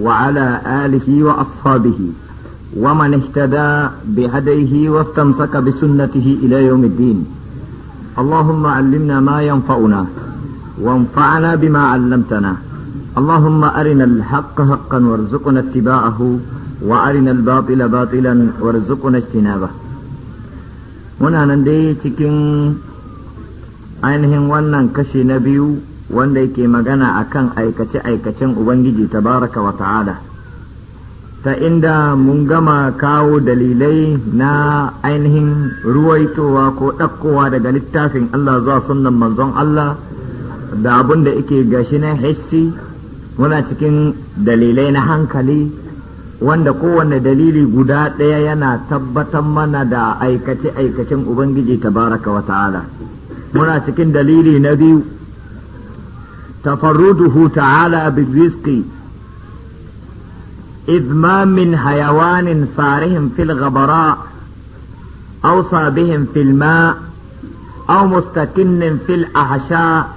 وعلى آله وأصحابه ومن اهتدى بهديه واستمسك بسنته إلى يوم الدين اللهم علمنا ما ينفعنا وانفعنا بما علمتنا اللهم أرنا الحق حقا وارزقنا اتباعه وأرنا الباطل باطلا وارزقنا اجتنابه هنا نندي cikin ainihin wannan kashi na biyu wanda yake magana akan aikace-aikacen Ubangiji tabaraka wa ta'ala ta inda mun gama kawo dalilai na ainihin ruwaitowa ko ɗakkowa daga littafin Allah zuwa sunan manzon Allah da abin da yake gashi na hissi muna cikin dalilai na hankali wanda kowane dalili guda ɗaya yana tabbatar mana da aikace-aikacen Ubangiji tabaraka wa ta'ala muna cikin dalili na biyu تفرده تعالى بالرزق إذ ما من حيوان صارهم في الغبراء أوصى بهم في الماء أو مستكن في الأحشاء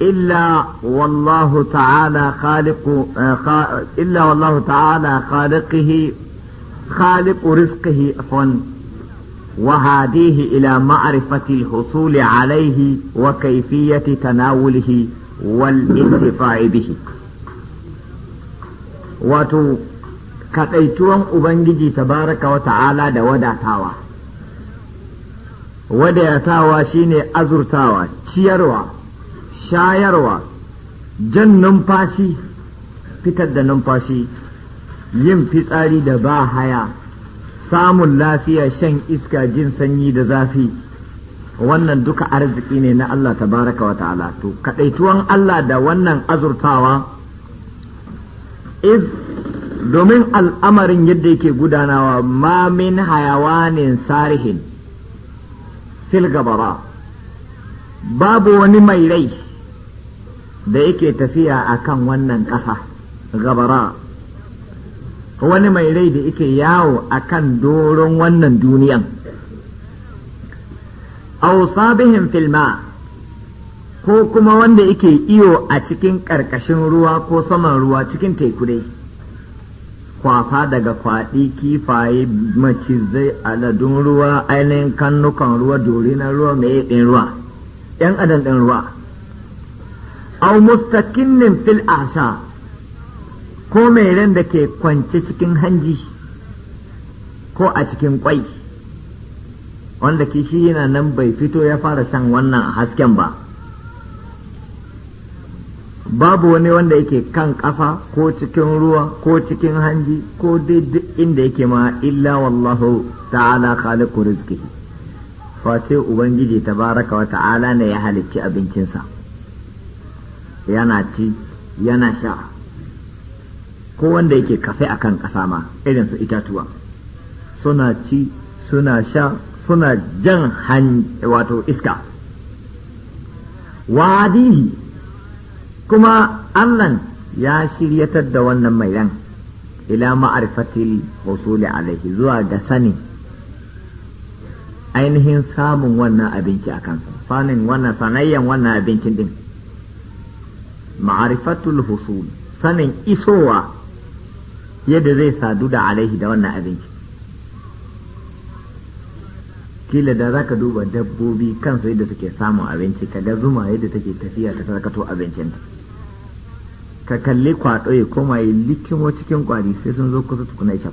إلا والله تعالى خالق إلا والله تعالى خالقه خالق رزقه عفوا وهاديه إلى معرفة الحصول عليه وكيفية تناوله والانتفاع به wato kaɗaituwan ubangiji tabaraka wa ta'ala da wadatawa wadatawa shine azurtawa ciyarwa shayarwa jan numfashi fitar da numfashi yin fitsari da ba haya samun lafiya shan iska jin sanyi da zafi wannan duka arziki ne na Allah tabaraka wa ta'ala to kadaituwan Allah da wannan azurtawa iz domin al'amarin yadda yake gudanawa ma min hayawanin sarihin fil gabara babu wani mai rai da yake tafiya akan wannan ƙasa gabara wani mai rai da yake yawo akan doron wannan duniyan ausa bihim filma ko kuma wanda yake iyo a cikin ƙarƙashin ruwa ko saman ruwa cikin teku dai kwasa daga kwaɗi kifaye macizai aladun ruwa ainihin kannukan ruwa dori na ruwa mai ɗin ruwa ‘yan adam ɗin ruwa au mustakinnin fil asha ko mai ran da ke kwance cikin hanji ko a cikin kwai wanda kishi yana nan bai fito ya fara shan wannan a hasken ba babu wani wanda yake kan ƙasa ko cikin ruwa ko cikin hanji ko duk inda yake ma illa wallahu ta'ala khaliqu rizqihi face ubangiji tabaraka wa ta'ala ne ya halicci abincinsa yana ci yana sha ko wanda yake kafe akan ƙasa ma irin su itatuwa suna ci suna sha suna jan wato iska wadihi kuma allan ya shiryatar da wannan mai ran ila ma'arifatil husuli alaihi zuwa ga sani ainihin samun wannan abinci a kansa sanin wannan sanayyan wannan abincin din ma'arifatul husul sanin isowa yadda zai sadu da alaihi da wannan abinci kila da zaka duba dabbobi kansu yadda suke samun abinci ka kaga zuma yadda take tafiya ta sarkato abincin ta. ka kalli kwaɗo ya koma likimo cikin kwari sai sun zo kusa tukuna ya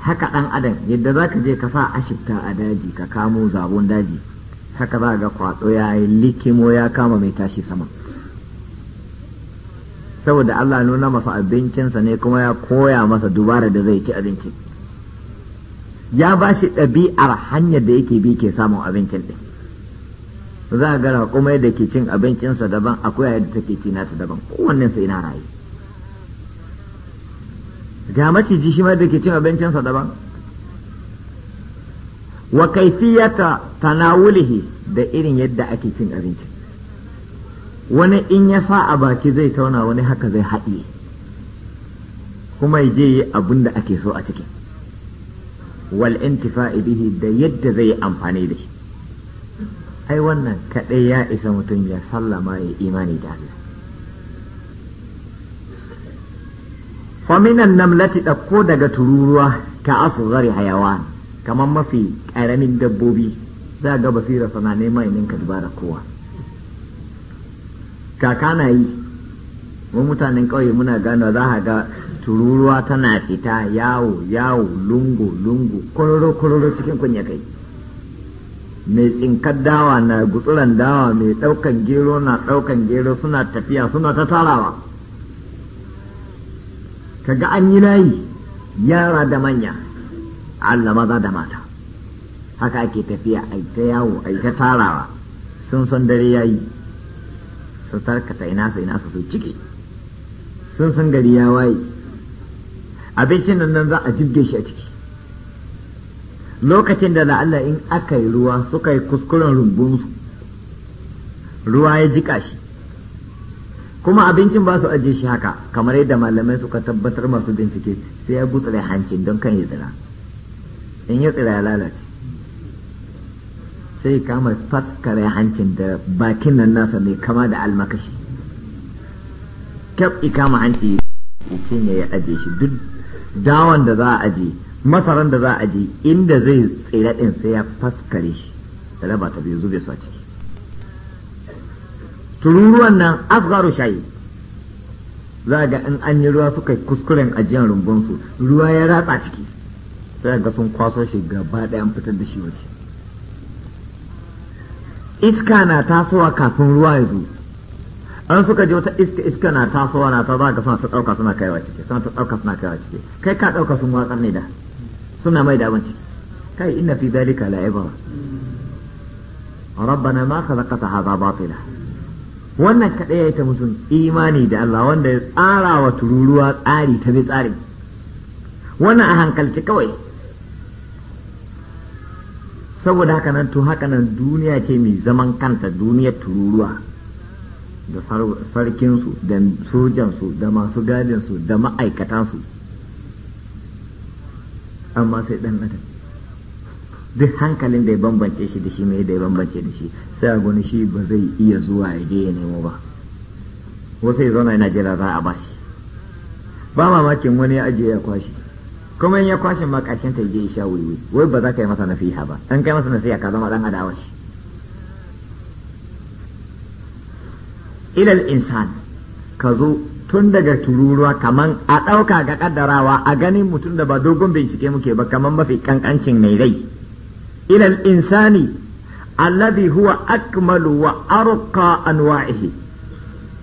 haka ɗan adam yadda zaka je ka sa ashirta a daji ka kamo zabon daji haka za ga kwaɗo ya yi likimo ya kama mai tashi sama saboda Allah nuna masa abincinsa ne kuma ya koya masa dubara da zai ci abinci ya ba shi ɗabi'ar hanyar da yake bi ke samun abincin ɗin za a gara kuma yadda ke cin abincinsa daban akwai yadda take ci nata daban kowannen sai na rayu ga maciji shi ma da ke cin abincinsa daban wa kaifiyata tanawulihi da irin yadda ake cin abinci wani in ya sa a baki zai tauna wani haka zai haɗiye kuma ya je yi abin da ake so a cikin wal intifa'i bihi da yadda zai amfani da shi ai wannan kaɗai ya isa mutum ya sallama ya imani da Allah faminan namlati ɗauko daga tururuwa ka asghari hayawan kamar mafi ƙaramin dabbobi za ga basira sana neman ninka duba kowa kaka na yi mu mutanen ƙauye muna gano za a ga tururuwa tana fita yawo yawo lungu lungu kororo kororo cikin kunya kai mai tsinkar dawa na gutsuran dawa mai ɗaukan gero na ɗaukan gero suna tafiya suna ta tarawa kaga an yi layi yara da manya Allah maza da mata haka ake tafiya a ta yawo a ta tarawa sun san dare yayi su tarkata ina su ina su su ciki sun san gari ya waye abincin nan nan za a jibge shi a ciki lokacin da la'alla in aka yi ruwa suka yi kuskuren rumbunsu ruwa ya jika shi kuma abincin ba su ajiye shi haka kamar yadda malamai suka tabbatar masu bincike sai ya da hancin don kan ya tsira in ya tsira ya lalace sai kama faskare hancin da bakin nan nasa mai kama da almakashi kyaf ikama hanci ya ya ajiye shi duk dawan da za a je masaran da za a je inda zai tsira din sai ya faskare shi raba ta biyu zube su a ciki tururuwan nan asgaru shayi za ga in an yi ruwa suka kuskuren ajiyar rumbunsu ruwa ya ratsa ciki sai ga sun kwaso shi gaba ɗaya fitar da shi waje iska na tasowa kafin ruwa ya zo an suka je wata iska iska na tasowa na ta zaka suna ta dauka suna kaiwa ciki suna ta dauka suna kaiwa ciki kai ka dauka sun watsar ne da suna mai da abin ciki kai inna fi dalika la'iba rabbana ma khalaqta hadha batila wannan kadai yayi ta mutum imani da Allah wanda ya tsara wa tururuwa tsari ta bi tsari wannan a hankalci kawai saboda haka nan to haka nan duniya ce mai zaman kanta duniyar tururuwa da sarkinsu da sojansu da masu gadinsu da ma'aikatansu amma sai ɗan adam duk hankalin da ya bambance shi da shi mai da ya bambance da shi sai a gani shi ba zai iya zuwa ya je ya nemo ba wasu ya zauna yana jira za a ba shi ba mamakin wani ya ajiye ya kwashi kuma in ya kwashe ma ƙarshen ta je ya sha wuri wai ba za ka yi masa nasiha ba an kai masa nasiha ka zama ɗan adawa shi ilal insan ka zo tun daga tururuwa kaman a ɗauka ga ƙaddarawa a ganin mutum da ba dogon bincike muke ba kaman mafi ƙanƙancin mai rai ilal insani alladhi huwa akmalu wa arqa anwa'ihi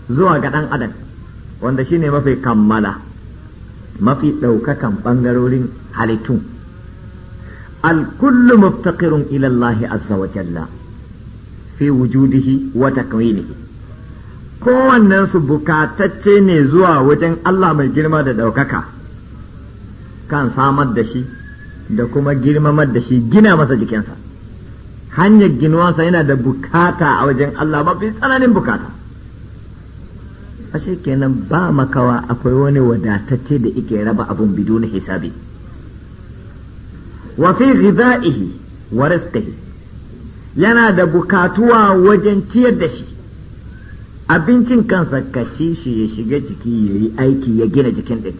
zuwa ga ɗan adam wanda shine mafi kammala mafi ɗaukakan ɓangarorin halittu alkullu muftaqirun ila Allah azza wa jalla fi wujudihi wa takwinihi kowannensu bukatacce ne zuwa wajen Allah mai girma da ɗaukaka kan samar da shi da kuma girmamar da shi gina masa jikinsa hanyar ginuwansa yana da bukata a wajen Allah mafi tsananin bukata ashe kenan ba makawa akwai wani wadatacce da ike raba abun na hisabi wa fi ghidha'ihi wa rizqihi yana da bukatuwa wajen ciyar da shi abincin kansa ka ci shi ya shiga jiki ya yi aiki ya gina jikin ɗin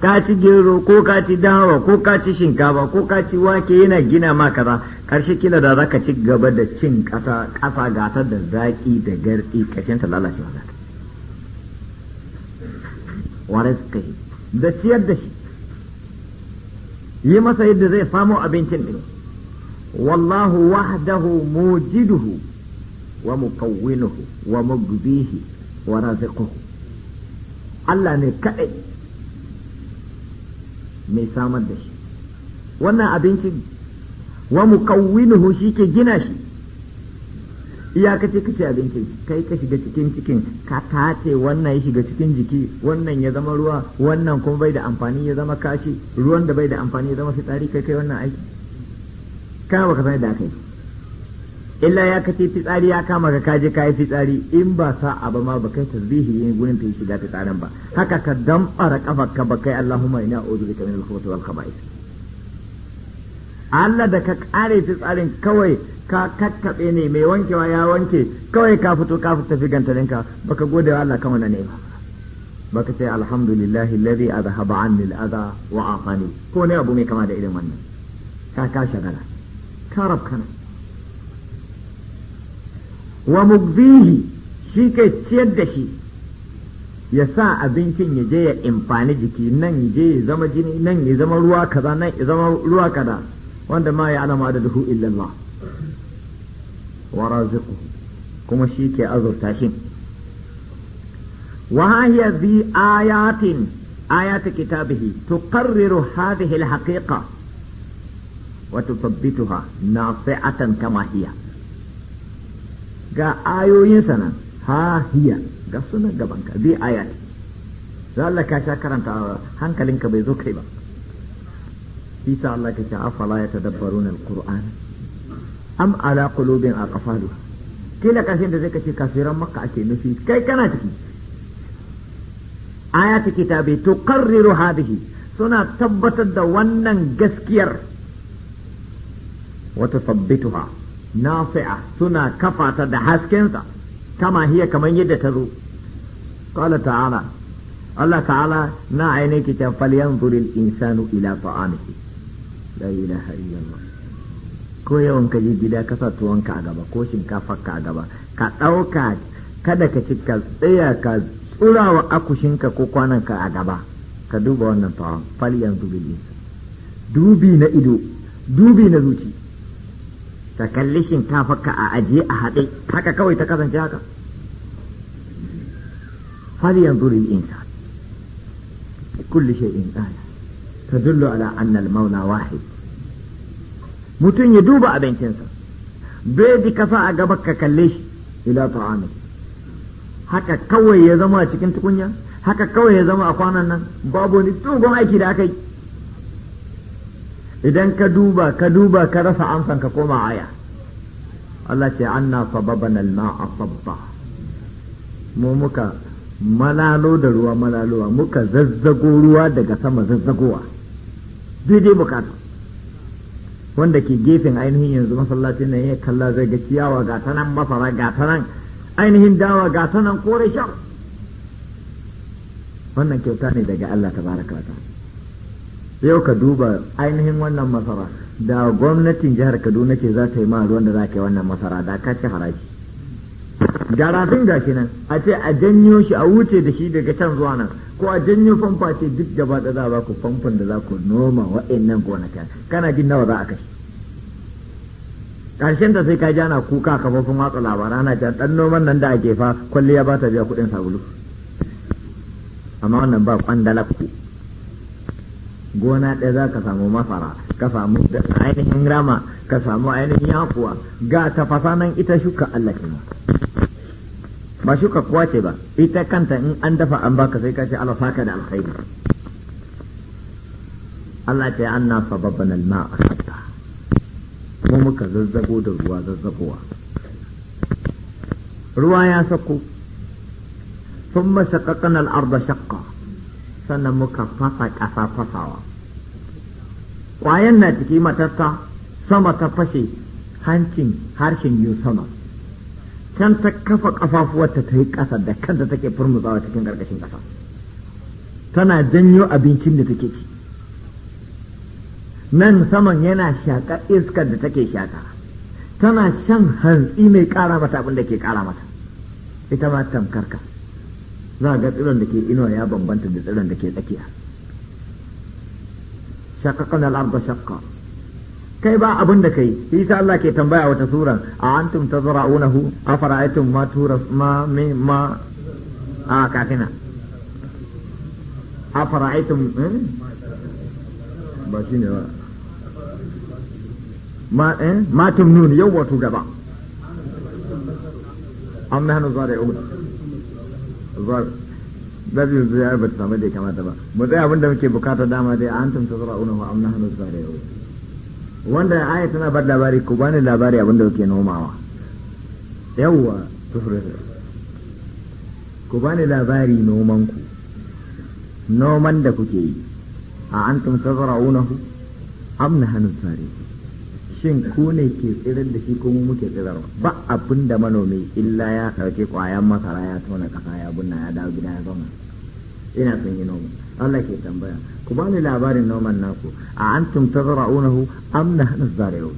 ka ci gero ko ka ci dawa ko ka ci shinkafa ko ka ci wake yana gina ma kaza karshe kila da za ka ci gaba da cin ƙasa ƙasa gata da zaƙi da garɗi ƙashin ta lalace ma zaka warai da ciyar da shi yi masa yadda zai samo abincin ɗin wallahu wahdahu mujiduhu wa mukawwinuhu wa mugbihi wa raziquhu Allah ne kaɗai me samar da shi wannan abinci wa mukawwinuhu shi ke gina shi iyakace kace kace abinci kai ka shiga cikin cikin ka tace wannan ya shiga cikin jiki wannan ya zama ruwa wannan kuma bai da amfani ya zama kashi ruwan da bai da amfani ya zama fitsari kai kai wannan aiki kana baka sani da aka yi illa ya kace fitsari ya kama ka kaje kai fitsari in ba sa ba ma ba kai tasbihi yin gurin ta shiga fitsarin ba haka ka damfara kafarka ba kai Allahumma ina a'udhu bika min al-khubuthi wal khaba'ith Allah da ka kare fitsarin kawai ka kakkabe ne mai wankewa ya wanke kawai ka fito ka fita fi gantarinka baka gode wa Allah kan wannan ne baka ce alhamdulillah alladhi azhaba anni al-adha wa afani ko ne abu mai kama da irin wannan ka ka shagala ka rabkana wa mugzihi shi ke ciyar da shi ya sa abincin ya je ya imfani jiki nan ya je ya zama jini nan ya zama ruwa kaza nan ya zama ruwa kaza wanda ma ya alama da duhu illallah wa raziquhu kuma shi ke azurta shi wa hiya zi ayatin ayat kitabihi tuqarriru hadhihi alhaqiqa wa tuthabbituha nafi'atan kama hiya ga ayoyinsa nan ha hiya ga sunan gabanka bi ayat za Allah ka sha karanta hankalinka bai zo kai ba isa Allah ka ce afala ya al alquran am ala qulubin aqfalu kila kashin da zai kace kafiran makka ake nufi kai kana ciki ayati kitabi tuqarriru hadhihi suna tabbatar da wannan gaskiyar wata tuthabbituha nafi'a suna kafa ta da haskensa kama hiya kamar yadda ta zo qala ta'ala Allah ta'ala na aine ki ta falyan zuril insanu ila ta'amihi la ilaha illallah ko yawan ka je gida ka sa tuwonka a gaba ko ka a gaba ka ɗauka kada ka ci ka tsaya ka tsurawa akushinka ko kwananka a gaba ka duba wannan tawon fal yanzu dubi na ido dubi na zuci ka kalli shinkafarka a ajiye a haɗe haka kawai ta kasance haka hal yanzu lil insan kulli shay'in qala tadullu ala anna al maula wahid mutum ya duba abincinsa bai ji kasa a gaba ka kalle shi ila ta'ami haka kawai ya zama a cikin tukunya haka kawai ya zama a kwanan nan babu wani tsogon aiki da aka yi idan ka duba ka duba ka rasa amsan ka koma aya Allah ce anna sababana na a sabba mu muka malalo da ruwa malalowa muka zazzago ruwa daga sama zazzagowa daidai bukata wanda ke gefen ainihin yanzu masallacin nan ya kalla zai ga ciyawa ga ta nan masara ga ta nan ainihin dawa ga ta nan kore shar wannan kyauta ne daga Allah ta baraka ta'ala yau ka duba ainihin wannan masara da gwamnatin jihar kaduna ce za ta yi ma ruwan da za ka yi wannan masara da ka ci haraji Garafin gashi nan a ce a janyo shi a wuce da shi daga can zuwa nan ko a janyo famfa ce duk gaba da za ku famfan da za ku noma wa'annan gonakin kana jin nawa za a kashi karshen da sai ka ji ana kuka kafofin watsa labarai na jan dan noman nan da ake fa kwalliya ba ta biya kuɗin sabulu amma wannan ba kwandala kuɗi gona ɗaya za ka samu masara ka samu ainihin rama ka samu ainihin yakuwa ga tafasa nan ita shuka Allah ce ba shuka kuwa ce ba ita kanta in an dafa an baka sai ka ce Allah saka da alkhairi Allah ce anna sababban alma a kanta mu muka zazzago da ruwa zazzagowa ruwa ya sako Sun شققنا الأرض shakka sannan muka fasa ƙasa fasawa ƙwayan na ciki matasta sama ta fashe hancin harshen yiwu can ta kafa ƙafafuwarta ta yi ƙasa da kanta take furmutsawa cikin ƙarƙashin ƙasa tana janyo abincin da take ci nan saman yana shaƙar iskar da take shaƙa tana shan hantsi mai ƙara mata abin ke ƙara mata ita ma tamkarka za ga tsiron da ke inuwa ya bambanta da tsiron da ke tsakiya shaqaqna al-arda shaqqa kai ba abin da kai yasa Allah ke tambaya wata sura a antum tazra'unahu afara'aytum ma turas ma min ma a kafina afara'aytum eh? ba shine ba ma eh ma tumnun yau wato gaba am nahnu zari'un zari'un babin ziyar ba ta samu da ya kamata ba mu tsaya abinda muke bukata dama dai a hantum ta zura wa amna hannu zuwa da yau wanda aya tana bar labari ku bani labari abinda kuke nomawa yawwa tufrisa ku bani labari noman ku noman da kuke yi a antum tazra'unahu am nahnu tsari shin ku ne ke tsirar da shi ko mu muke tsirar ba abin da manomi illa ya dauke kwayan masara ya tona kasa ya bunna ya dawo gida ya zauna ina son yi noma Allah ke tambaya ku bani labarin noman naku a antum tazra'unahu am nahnu zari'un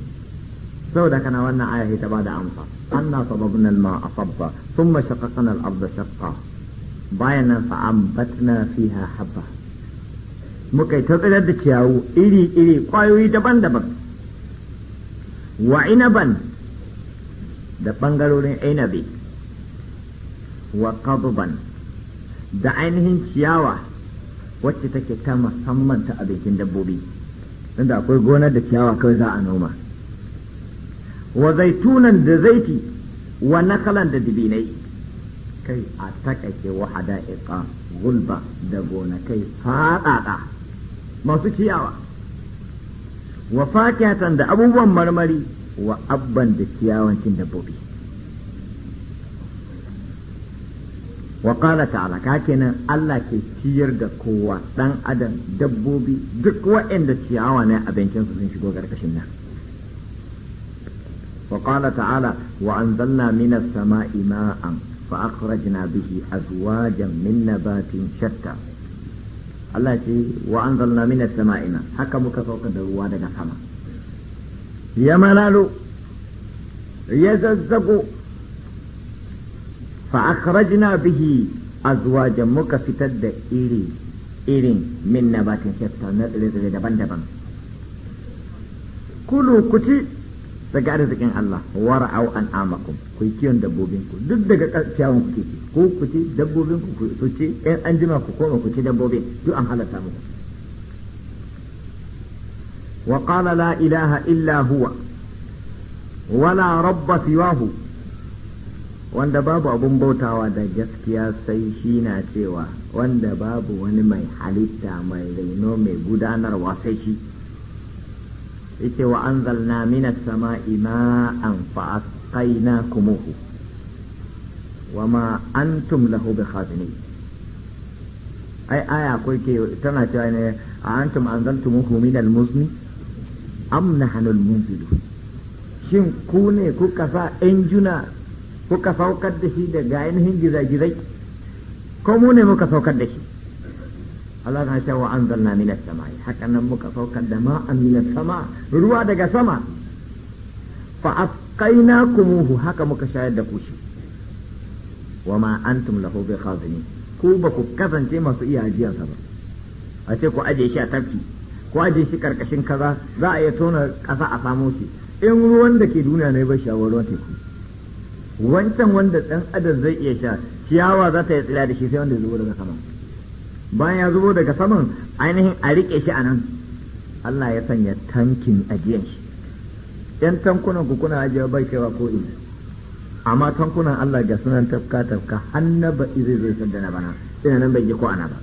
saboda kana wannan aya ta bada amsa anna sababna al ma sabba sun shaqaqna al-ardha shaqqa bayan nan fa ambatna fiha habba muka ta tsirar da ciyawu iri iri kwayoyi daban-daban wa inaban da bangarorin inabi wa qadban da ainihin ciyawa wacce take ta musamman ta abincin dabbobi inda akwai gonar da ciyawa kawai za a noma wa zaitunan da zaiti wa nakalan da dibinai kai a takake wa hada'iqa gulba da gonakai faɗaɗa masu ciyawa wa fakiyatan da abubuwan marmari wa abban da ciyawancin dabbobi wa qala ta'ala ka kenan Allah ke ciyar da kowa dan adam dabbobi duk waɗanda ciyawa ne abincin su sun shigo karkashin nan wa qala ta'ala wa anzalna sama'i ma'an fa akhrajna bihi azwajan min nabatin shatta Allah ce wa anzalna minas sama'i ma haka muka sauka da ruwa daga sama ya malalo ya zazzago fa akhrajna bihi azwajan muka fitar da irin min nabatin shatta na tsire-tsire daban-daban kulu ku ci daga arzikin Allah wara'au an amakum ku kiyon dabbobin ku duk daga kyawun ku ku ci dabbobin ku ku ci an jima ku koma ku ci dabbobin duk an halatta muku wa qala la ilaha illa huwa wala rabba siwahu wanda babu abun bautawa da gaskiya sai shi na cewa wanda babu wani mai halitta mai raino mai gudanarwa sai shi yake wa an zalna mina sama ima an fa'askaina kumuhu wa ma antum lahu bi khazini ai aya ko ke tana cewa ne a antum anzaltumuhu min al-muzni am nahnu al-munzilun shin ku ne kuka sa injuna kuka saukar da shi daga ainihin gizagizai ko mu ne muka saukar da shi Allah na ce wa anzalna min as-sama'i haka nan muka saukar da ma'an min as-sama ruwa daga sama fa kumuhu haka muka shayar da ku shi wa ma antum lahu khazini ku ba ku kasance masu iya ajiyarsa ba a ce ku aje shi a tafki ko aje shi karkashin kaza za a iya tona ƙasa a samo shi in ruwan da ke duniya ne ba shi a ku wancan wanda dan adam zai iya sha ciyawa za ta yi tsira da shi sai wanda ya zubo daga saman. bayan ya zubo daga saman ainihin a rike shi a nan Allah ya sanya tankin ajiyan shi yan tankunan ku kuna ajiyar bai kaiwa ko ina amma tankunan Allah ga sunan tafka tafka hanna ba zai zai sanda na bana ina nan bai ko ana ba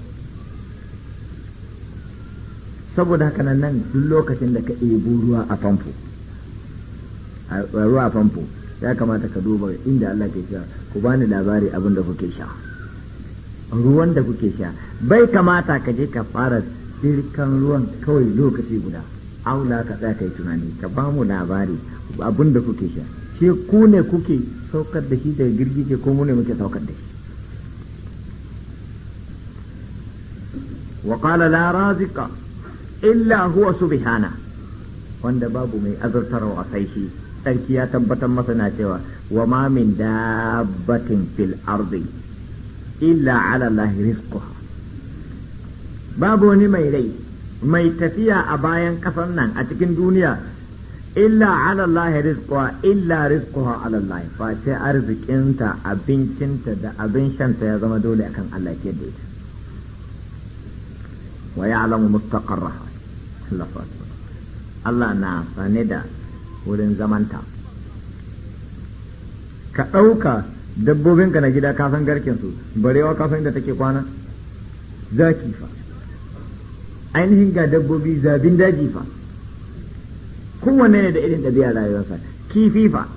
saboda haka nan nan duk lokacin da ka ɗebo a famfo ruwa a famfo ya kamata ka duba inda Allah ke cewa ku bani labari abin da kuke sha ruwan da kuke sha bai kamata ka je ka fara sirkan ruwan kawai lokaci guda aula ka tsaya kai tunani ka ba mu labari abin da kuke sha ke ku ne kuke saukar da shi daga girgije ko mu ne muke saukar da shi qala la razika illa huwa subhana wanda babu mai azartarwa sai shi sarki ya tabbatar masa na cewa wa ma min dabbatin fil ardi illa ala lahi rizquha babu wani mai rai mai tafiya a bayan kasar nan a cikin duniya illa ala lahi rizquha illa rizquha ala lahi face arzikinta abincinta da abin shanta ya zama dole akan Allah ke da ita wa ya'lamu mustaqarraha Allah na sane da wurin zamanta ka ɗauka dabbobinka na gida ka san garkensu barewa ka san inda take kwana zaki fa ainihin ga dabbobi zabin daji fa kowanne ne da irin ɗabi'a rayuwarsa kifi fa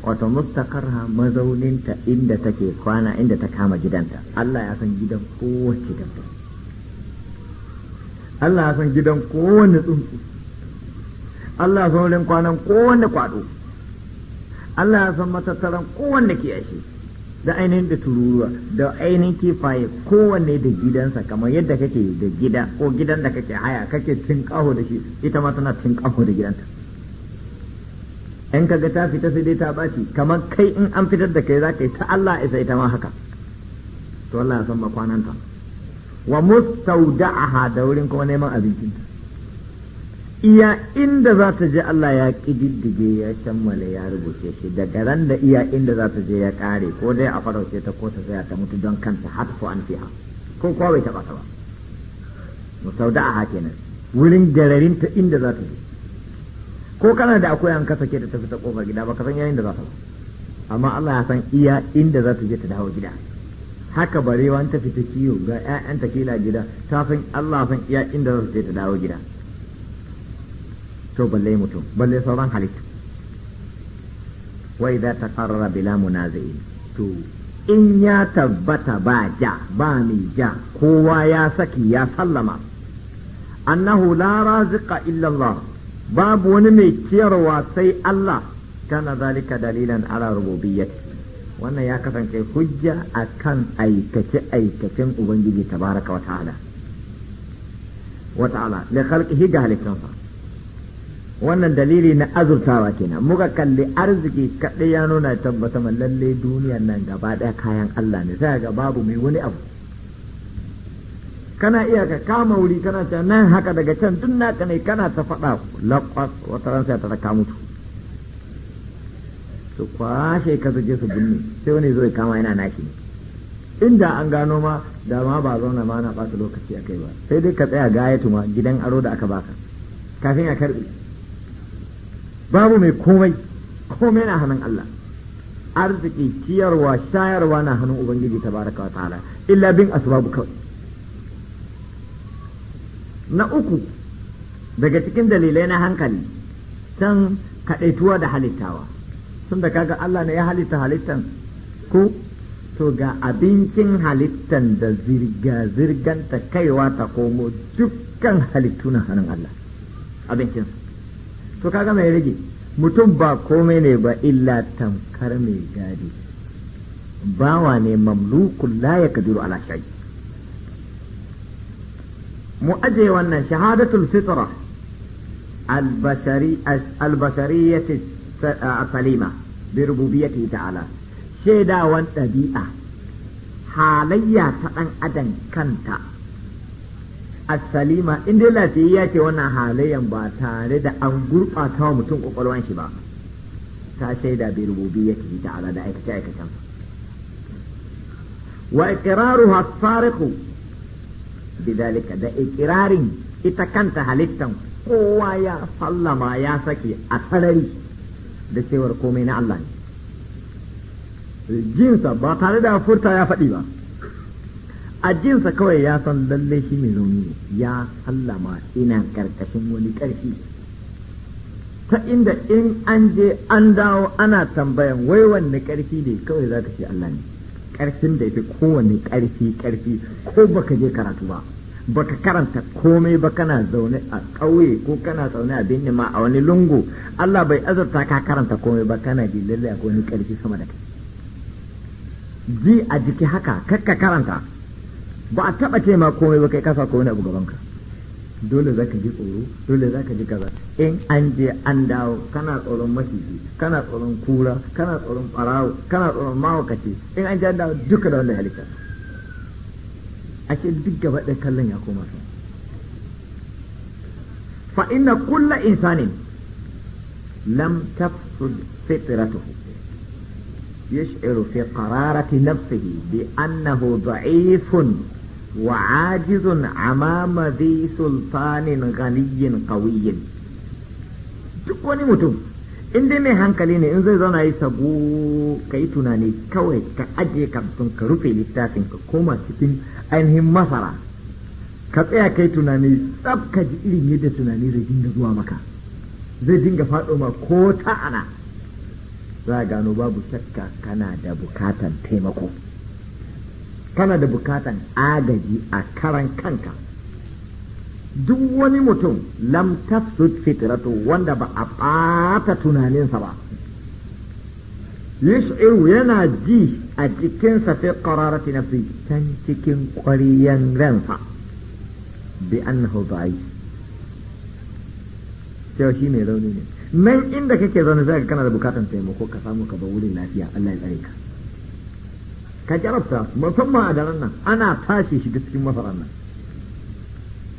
wato mustaqarha mazauninta inda take kwana inda ta kama gidanta Allah ya san gidan kowace dabbobi Allah ya san gidan kowane tsuntsu Allah wurin kwanan kowanne kwado Allah ya san matattaran kowanne kiyashi da ainihin da tururuwa da ainihin kifaye kowanne da gidansa kamar yadda kake da gida ko gidan da kake haya kake kaho da shi ita ma tana kaho da gidanta in kaga ta fita sai dai ta baci kamar kai in an fitar da kai za ka yi ta Allah isa ita ma haka to Allah ya san makwananta wa mustaudaha da wurin kuma neman abincinta iya inda za ta je Allah ya ƙididdige ya shammale ya rubuce shi daga ran da iya inda za ta je ya ƙare ko dai a farauce ta ko ta tsaya ta mutu don kanta hatfu an fiha ko kuwa bai taɓa ta ba sauda a hake nan wurin gararin ta inda za ta je ko kana da akwai an kasa ke ta tafi ta kofar gida ba ka san yayin da za ta ba amma Allah ya san iya inda za ta je ta dawo gida haka barewa ta fita kiyo ga 'ya'yanta kila gida ta san Allah san iya inda za ta je ta dawo gida to balle mutum balle sauran halitta wai za ta karara bila munazi'i to in ya tabbata ba ja ba mai ja kowa ya saki ya sallama annahu la raziqa illa Allah babu wani mai ciyarwa sai Allah kana zalika dalilan ala rububiyyati wannan ya kasance hujja akan aikace aikacen ubangiji tabaraka wa ta'ala wa ta'ala li khalqihi ga halittansa wannan dalili na azurtawa kenan muka kalli arziki kaɗai ya nuna tabbata man lalle duniyar nan gaba ɗaya kayan Allah ne sai ga babu mai wani abu kana iya ka kama wuri kana ta nan haka daga can duk naka ne kana ta faɗa laƙwas wata ran sai ta ta kamu su kwashe ka su su binne sai wani zai kama yana nashi ne inda an gano ma da ma ba zauna ma na ɓata lokaci a kai ba sai dai ka tsaya gayatu ma gidan aro da aka baka kafin a karɓi babu mai komai komai na hannun Allah arziki ciyarwa shayarwa na hannun ubangiji baraka wa ta'ala illa bin asbabu kawai na uku daga cikin dalilai na hankali can kaɗaituwa da halittawa sun da kaga Allah na ya halitta halittan ko to ga abincin halittan da zirga-zirganta kaiwa ta komo dukkan halittu na hannun Allah abincinsu to kaga mai rage mutum ba komai ne ba illa tamkar mai gadi bawa ne mamlukun la ka kadiru ala shai mu ajiye wannan shahadatul fitra albashariyyati salima bi rububiyyati ta'ala shaidawan ɗabi'a halayya ta ɗan adam kanta as-salima in dai lafiyayya ce wannan halayyan ba tare da an gurɓata wa mutum kwakwalwan shi ba ta shaida bi ta ta'ala da aikace aikacen wa iqraruha as bi dalika da iqrarin ita kanta halittan kowa ya sallama ya saki a sarari da cewar komai na Allah ne jinsa ba tare da furta ya faɗi ba a jinsa kawai ya san lallai shi mai zaune ya sallama ina karkashin wani ƙarfi ta inda in an je an dawo ana tambayan wai wanne ƙarfi ne kawai za ka ce Allah ne ƙarfin da ya fi kowane ƙarfi ƙarfi ko baka je karatu ba baka karanta komai ba kana zaune a ƙauye ko kana zaune a binne ma a wani lungu Allah bai azurta ka karanta komai ba kana ji lallai akwai wani ƙarfi sama da kai ji a jiki haka kakka karanta ba a taba ce ma komai ba kai kasa ko wani abu gaban ka dole za ka ji tsoro dole za ka ji kaza in an je an dawo kana tsoron maciji kana tsoron kura kana tsoron barawo kana tsoron mawakaci in an je an dawo duka da wanda halitta ake duk gaba ɗaya kallon ya koma sa fa inna kulla insanin lam tafsud fitratuhu yash'uru fi qararati nafsihi bi annahu da'ifun وعاجز امام ذي سلطان غني قوي duk wani mutum in dai mai hankali ne in zai zauna yi sabu ka yi tunani kawai ka ajiye kamtun ka rufe littafin ka koma cikin ainihin mafara ka tsaya kai tunani tsab ka ji irin yadda tunani zai dinga zuwa maka zai dinga faɗo ma ko ta'ana za a gano babu shakka kana da bukatan taimako kana da bukatan agaji a karan kanka duk wani mutum lam tafsud fitratu wanda ba a ɓata tunaninsa ba yash'iru yana ji a jikinsa fi qararati nafsi can cikin ƙwariyan ransa bi annahu da'if cewa shi mai rauni ne nan inda kake zaune zaka kana da bukatan taimako ka samu ka ba wurin lafiya Allah ya tsare ka ka jarabta musamman a daren nan ana tashi shiga cikin masarar nan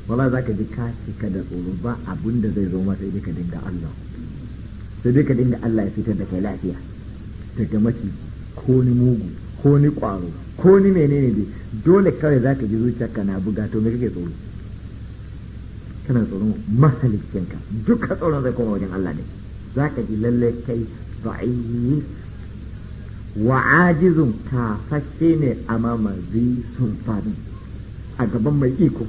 wala za ka ji ka da tsoro ba abin da zai zo ma sai dai ka dinga Allah sai dai ka dinga Allah ya fitar da kai lafiya daga maki ko ni mugu ko ni kwaro ko ni menene dai dole kawai za ka ji zuciyarka na buga to me kake tsoro kana tsoron mahaliccinka duka tsoron zai koma wajen Allah ne za ka ji lallai kai ba'i Wa'ajizun tafashe ne a mamazi sun fadin a gaban mai iko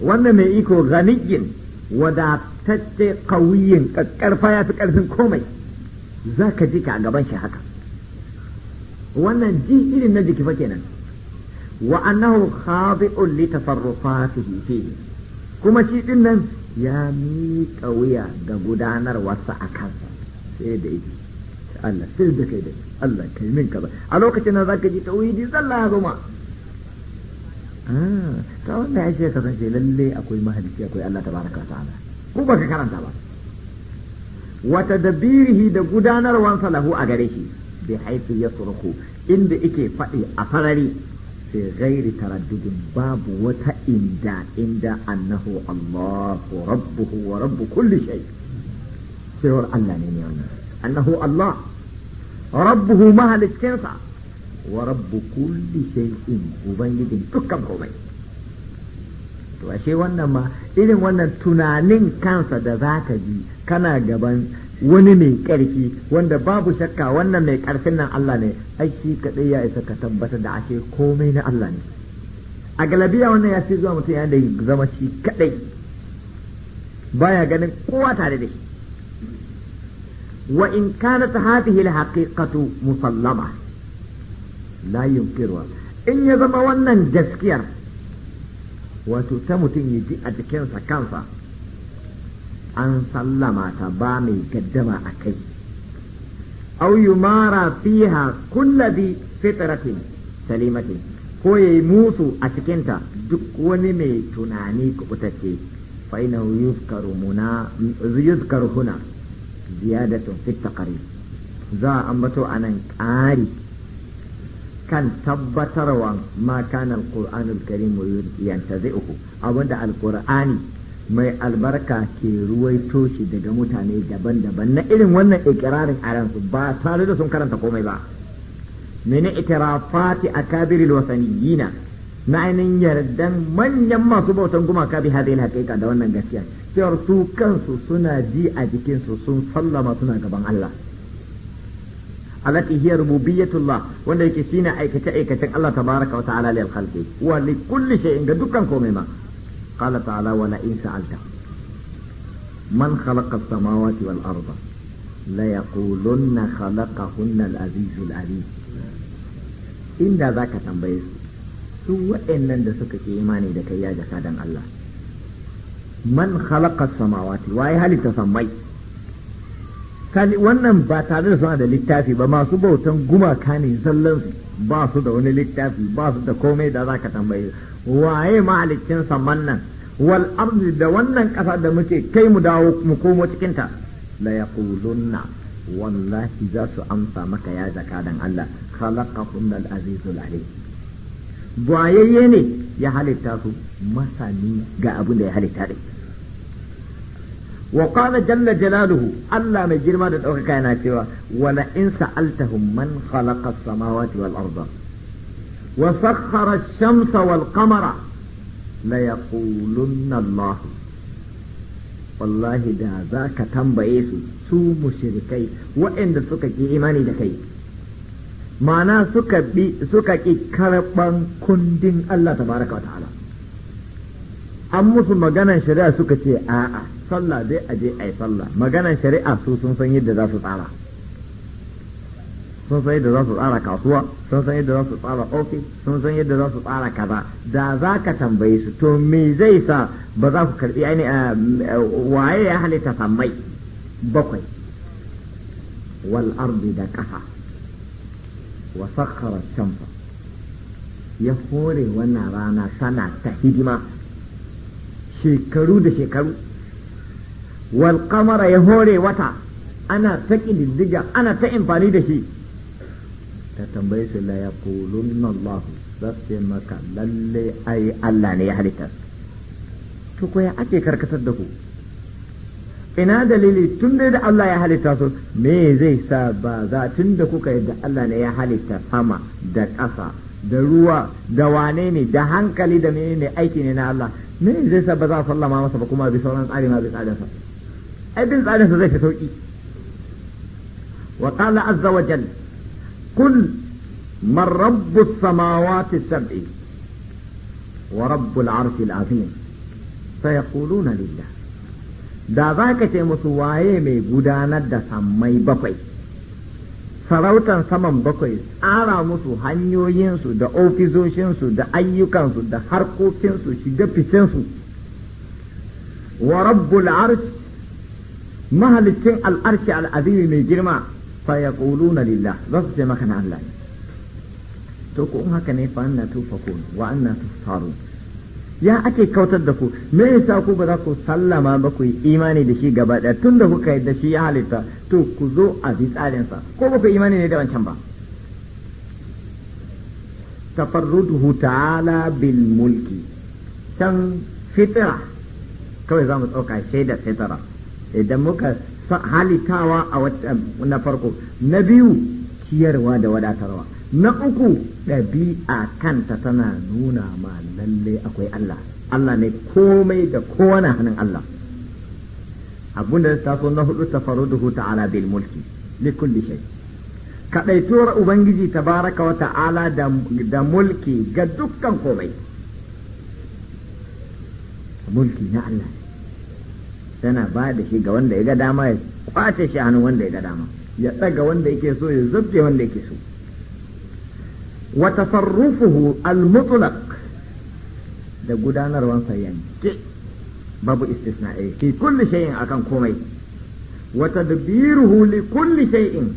wannan mai iko ganiyin wadatacce kawiyin ƙarfa ya fi ƙarfin komai za ka ji ka a gaban shi haka wannan ji irin na jiki fa kenan wa annahu khadi'un li tafarrufatihi fihi kuma shi din nan ya miƙa wuya ga gudanarwarsa a kansa sai da ita Allah sai da kai da Allah kai min kaza a lokacin nan zaka ji tauhidi sallah ya zama ah ta wanda ya ce kasance lalle akwai mahalicci akwai Allah tabaraka wa ta'ala ko baka karanta ba wa tadbirihi da gudanarwan salahu a gare shi bi haythu yasruhu inda yake faɗi a farari fi ghairi taraddudin babu wata inda inda annahu Allahu rabbuhu wa rabbu kulli shay cewar Allah ne ne wannan annahu Allah ربه mahaliccinsa wa rabbu كل شيء ubangijin dukkan komai to ashe wannan ma irin wannan tunanin kansa da zaka ji kana gaban wani mai ƙarfi wanda babu shakka wannan mai ƙarfin nan Allah ne aiki kaɗai ya isa ka tabbata da ashe komai na Allah ne a galabiya wannan ya fi zuwa mutum yana da zama shi kaɗai baya ganin kowa tare da shi وإن كانت هذه الحقيقة مسلمة لا ينكرها إن يزم ونن جسكير وتتمت يجي أجكين سكانسا أن سلم تبامي قدم أكي أو يمارى فيها كل ذي فطرة سليمة ko ya yi musu a cikinta duk wani mai tunani kubutacce fa ina yuzkaru huna ziyadatun fi taqrib za a ambato anan ƙari kan tabbatarwa ma kana alqur'anul karim yantazi'uhu abinda alqur'ani mai albarka ke ruwaito shi daga mutane daban-daban na irin wannan ikirarin a ba tare da sun karanta komai ba mene itirafati akabiril wasaniyina na ainihin yardan manyan masu bautan gumaka bi hadhihi alhaqiqa da wannan gaskiya cewar su kansu suna ji a jikinsu sun sallama suna gaban Allah. alati hiya rububiyyatullah wanda yake shine aikace aikacen Allah tabaraka wa ta'ala lil khalqi wa li kulli shay'in ga dukkan komai ma qala ta'ala wa in sa'alta man khalaqa as-samawati wal arda la yaqulunna khalaqahunna al-aziz al-alim inda zaka tambaye su su wa'annan da suka ke imani da kai ya jaka dan Allah man khalaqa samawati waye halitta samai kali wannan ba tare da suna da littafi ba masu bautan gumaka ne zallan ba su da wani littafi ba su da komai da zaka tambaye waye mahalicin samman nan wal ardi da wannan kasa da muke kai mu dawo mu komo cikin ta la yaquluna wallahi za su amsa maka ya dan Allah khalaqahunna al azizul alim bayayye ne ya halitta su masani ga abin da ya halitta dai wa qala jalla jalaluhu Allah mai girma da ɗaukaka yana cewa wala in sa'altahum man khalaqa as-samawati wal arda wa sakhkhara ash-shamsa wal wallahi da za ka tambaye su su mushrikai waɗanda suka ƙi imani da kai ma'ana suka ƙi suka kundin Allah tabaraka wa ta'ala an musu maganan shari'a suka ce a'a sallah dai a je a yi sallah maganan shari'a su sun san yadda za su tsara sun san yadda za su tsara kasuwa sun san yadda za su tsara ofis sun san yadda za su tsara kaza da za ka tambaye su to me zai sa ba za ku karbi aini eh, eh, waye ya halitta sammai bakwai wal ardi da ƙasa wa sakhara shamsa ya hore wannan rana sana ta hidima shekaru da shekaru wal kamara ya hore wata ana ta ƙididdiga ana ta amfani da shi ta tambaye su la yaqulunna Allah za maka lalle ai Allah ne ya halitta to ko ya ake karkatar da ku ina dalili tun da Allah ya halitta su me zai sa ba za tun da kuka yadda Allah ne ya halitta sama da ƙasa da ruwa da wane ne da hankali da menene ne aiki ne na Allah menene zai sa ba za a sallama masa ba kuma bi sauran tsari ma bi sa ai bin sa zai fi sauki wa qala azza wa jal kul man rabbus samawati sab'i wa rabbul arshil azim sayaquluna lillah da za ka ce musu waye mai gudanar da sammai bakwai Sarautar saman bakwai tsara musu hanyoyinsu da ofisoshinsu da ayyukansu da harkokinsu shiga ficensu wa rabbul arsh mahalicin al'arshi al'azimi mai girma sayaquluna lillah za su ce maka na Allah ne to ko in haka ne fa anna tufakun wa anna tuftarun ya ake kautar da ku me yasa ku ba za ku sallama ba ku yi imani da shi gaba ɗaya tun da kuka yadda shi ya halitta to ku zo a bi tsarinsa ko ba ku imani ne da wancan ba tafarruduhu ta'ala bil mulki can fitira kawai za mu ɗauka shaidar fitira idan muka halittawa a na farko na biyu ciyarwa da wadatarwa na uku ɗabi'a kanta tana nuna ma lalle akwai Allah Allah ne komai da kowane hannun Allah abinda ta taso na hudu tafarruduhu ta'ala bil mulki li shai. shay kadaituwar ubangiji tabaraka wa ta'ala da mulki ga dukkan komai mulki na Allah tana ba da shi ga wanda ya ga dama ya kwace shi hannun wanda ya ga dama ya tsaga wanda yake so ya zubce wanda yake so wa tasarrufuhu al-mutlaq da gudanarwansa yanke babu istisna'i fi kulli shay'in akan komai wa tadbiruhu li kulli shay'in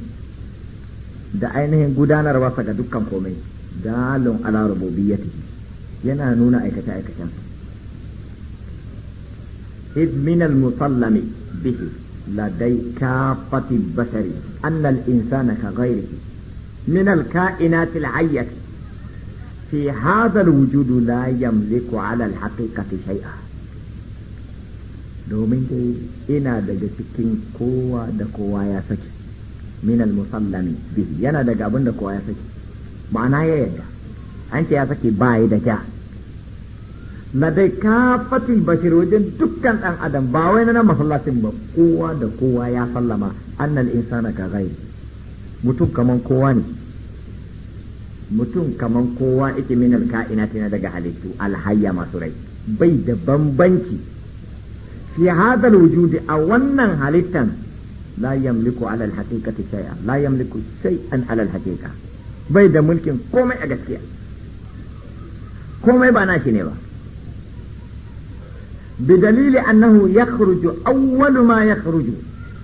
da ainihin gudanarwarsa ga dukkan komai dalon ala rububiyyatihi yana nuna aikace aikacen إذ من المسلم به لدي كافة البشر Insana, الإنسان كغيره من الكائنات الحية في هذا الوجود لا يملك على الحقيقة شيئا domin dai ina daga cikin kowa da kowa ya saki minal musallami bihi yana daga abin kowa ya saki ma'ana yadda an ce ya saki bayi da ja na dai kafatin bashir wajen dukkan ɗan adam ba wai na masallacin ba kowa da kowa ya sallama annal insana ka mutum kaman kowa ne mutum kaman kowa yake min alka'inati na daga halittu alhayya masu rai bai da bambanci fi hadal wujudi a wannan halittan la yamliku alal haqiqati shay'a la yamliku shay'an alal haqiqa bai da mulkin komai a gaskiya komai ba nashi ne ba بدليل أنه يخرج أول ما يخرج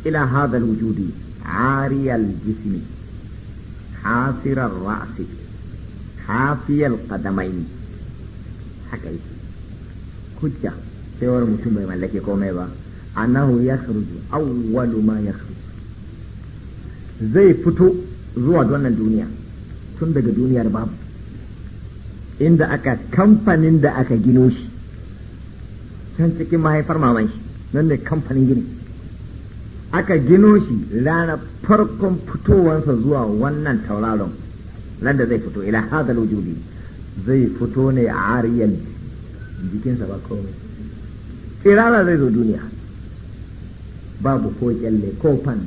إلى هذا wujudi. عاري الجسم حافر الرأس حافي القدمين حكيت hujja cewar mutum bai mallaki komai ba annahu ya kharuju awwalu ma ya zai fito zuwa wannan duniya tun daga duniyar babu inda aka kamfanin da aka gino shi can cikin mahaifar maman shi nan ne kamfanin gini aka gino shi ranar farkon fitowansa zuwa wannan tauraron nan da zai fito ila hadal wujudi zai fito ne a ariyan jikinsa ba kawai tsirara zai zo duniya babu ko kyalle ko fan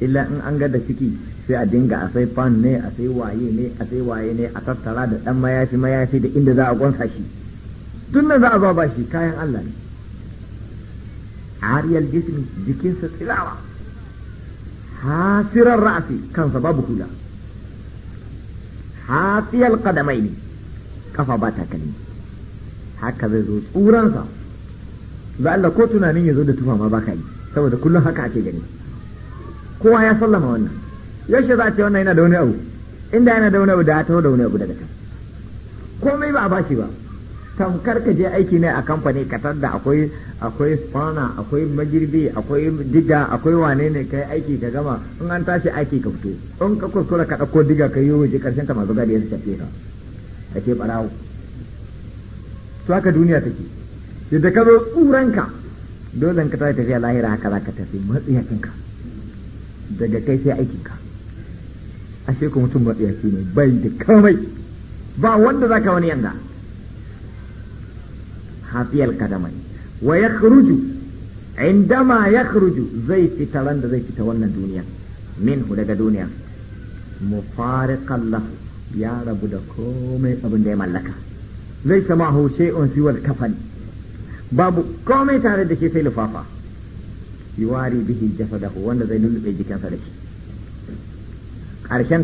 illa in an ga da ciki sai a dinga a sai fan ne a sai waye ne a sai waye ne a tattara da dan mayafi mayafi da inda za a gwansa shi tun nan za a ba shi kayan Allah ne yal jismi jikinsa tsilawa hasirar ra'asi kansa babu hula hasiyar kadamai ne kafa ba ta takalmi haka zai zo tsuransa da Allah ko tunanin ya zo da tufa ma ka yi saboda kullum haka ake gani kowa ya sallama wannan yaushe za a ce wannan yana da wani abu inda yana da wani abu da ya taho da wani abu daga can komai ba a bashi ba tamkar ka je aiki ne a kamfani ka tadda akwai akwai spana akwai magirbi akwai diga akwai wane ne kai aiki ka gama in an tashi aiki ka fito in ka kuskura ka ɗauko diga ka yi waje karshen ta masu gadi ya tafi ka a ce barawo to haka duniya take yadda ka zo tsuranka dole ka tafi tafiya lahira haka za ka tafi matsiyacinka daga kai sai aikinka ashe ku mutum matsiyaci ne bai da kamai ba wanda zaka wani yanda. hafiyar kadamai wa ya indama ya zai fita ran da zai fita wannan duniya minhu daga duniya mufariqan lahu ya rabu da komai abin da ya mallaka zai sama haushe on siwal kafani babu komai tare da shi sai lufafa yuwari bihi jasadahu wanda zai lullube jikinsa da shi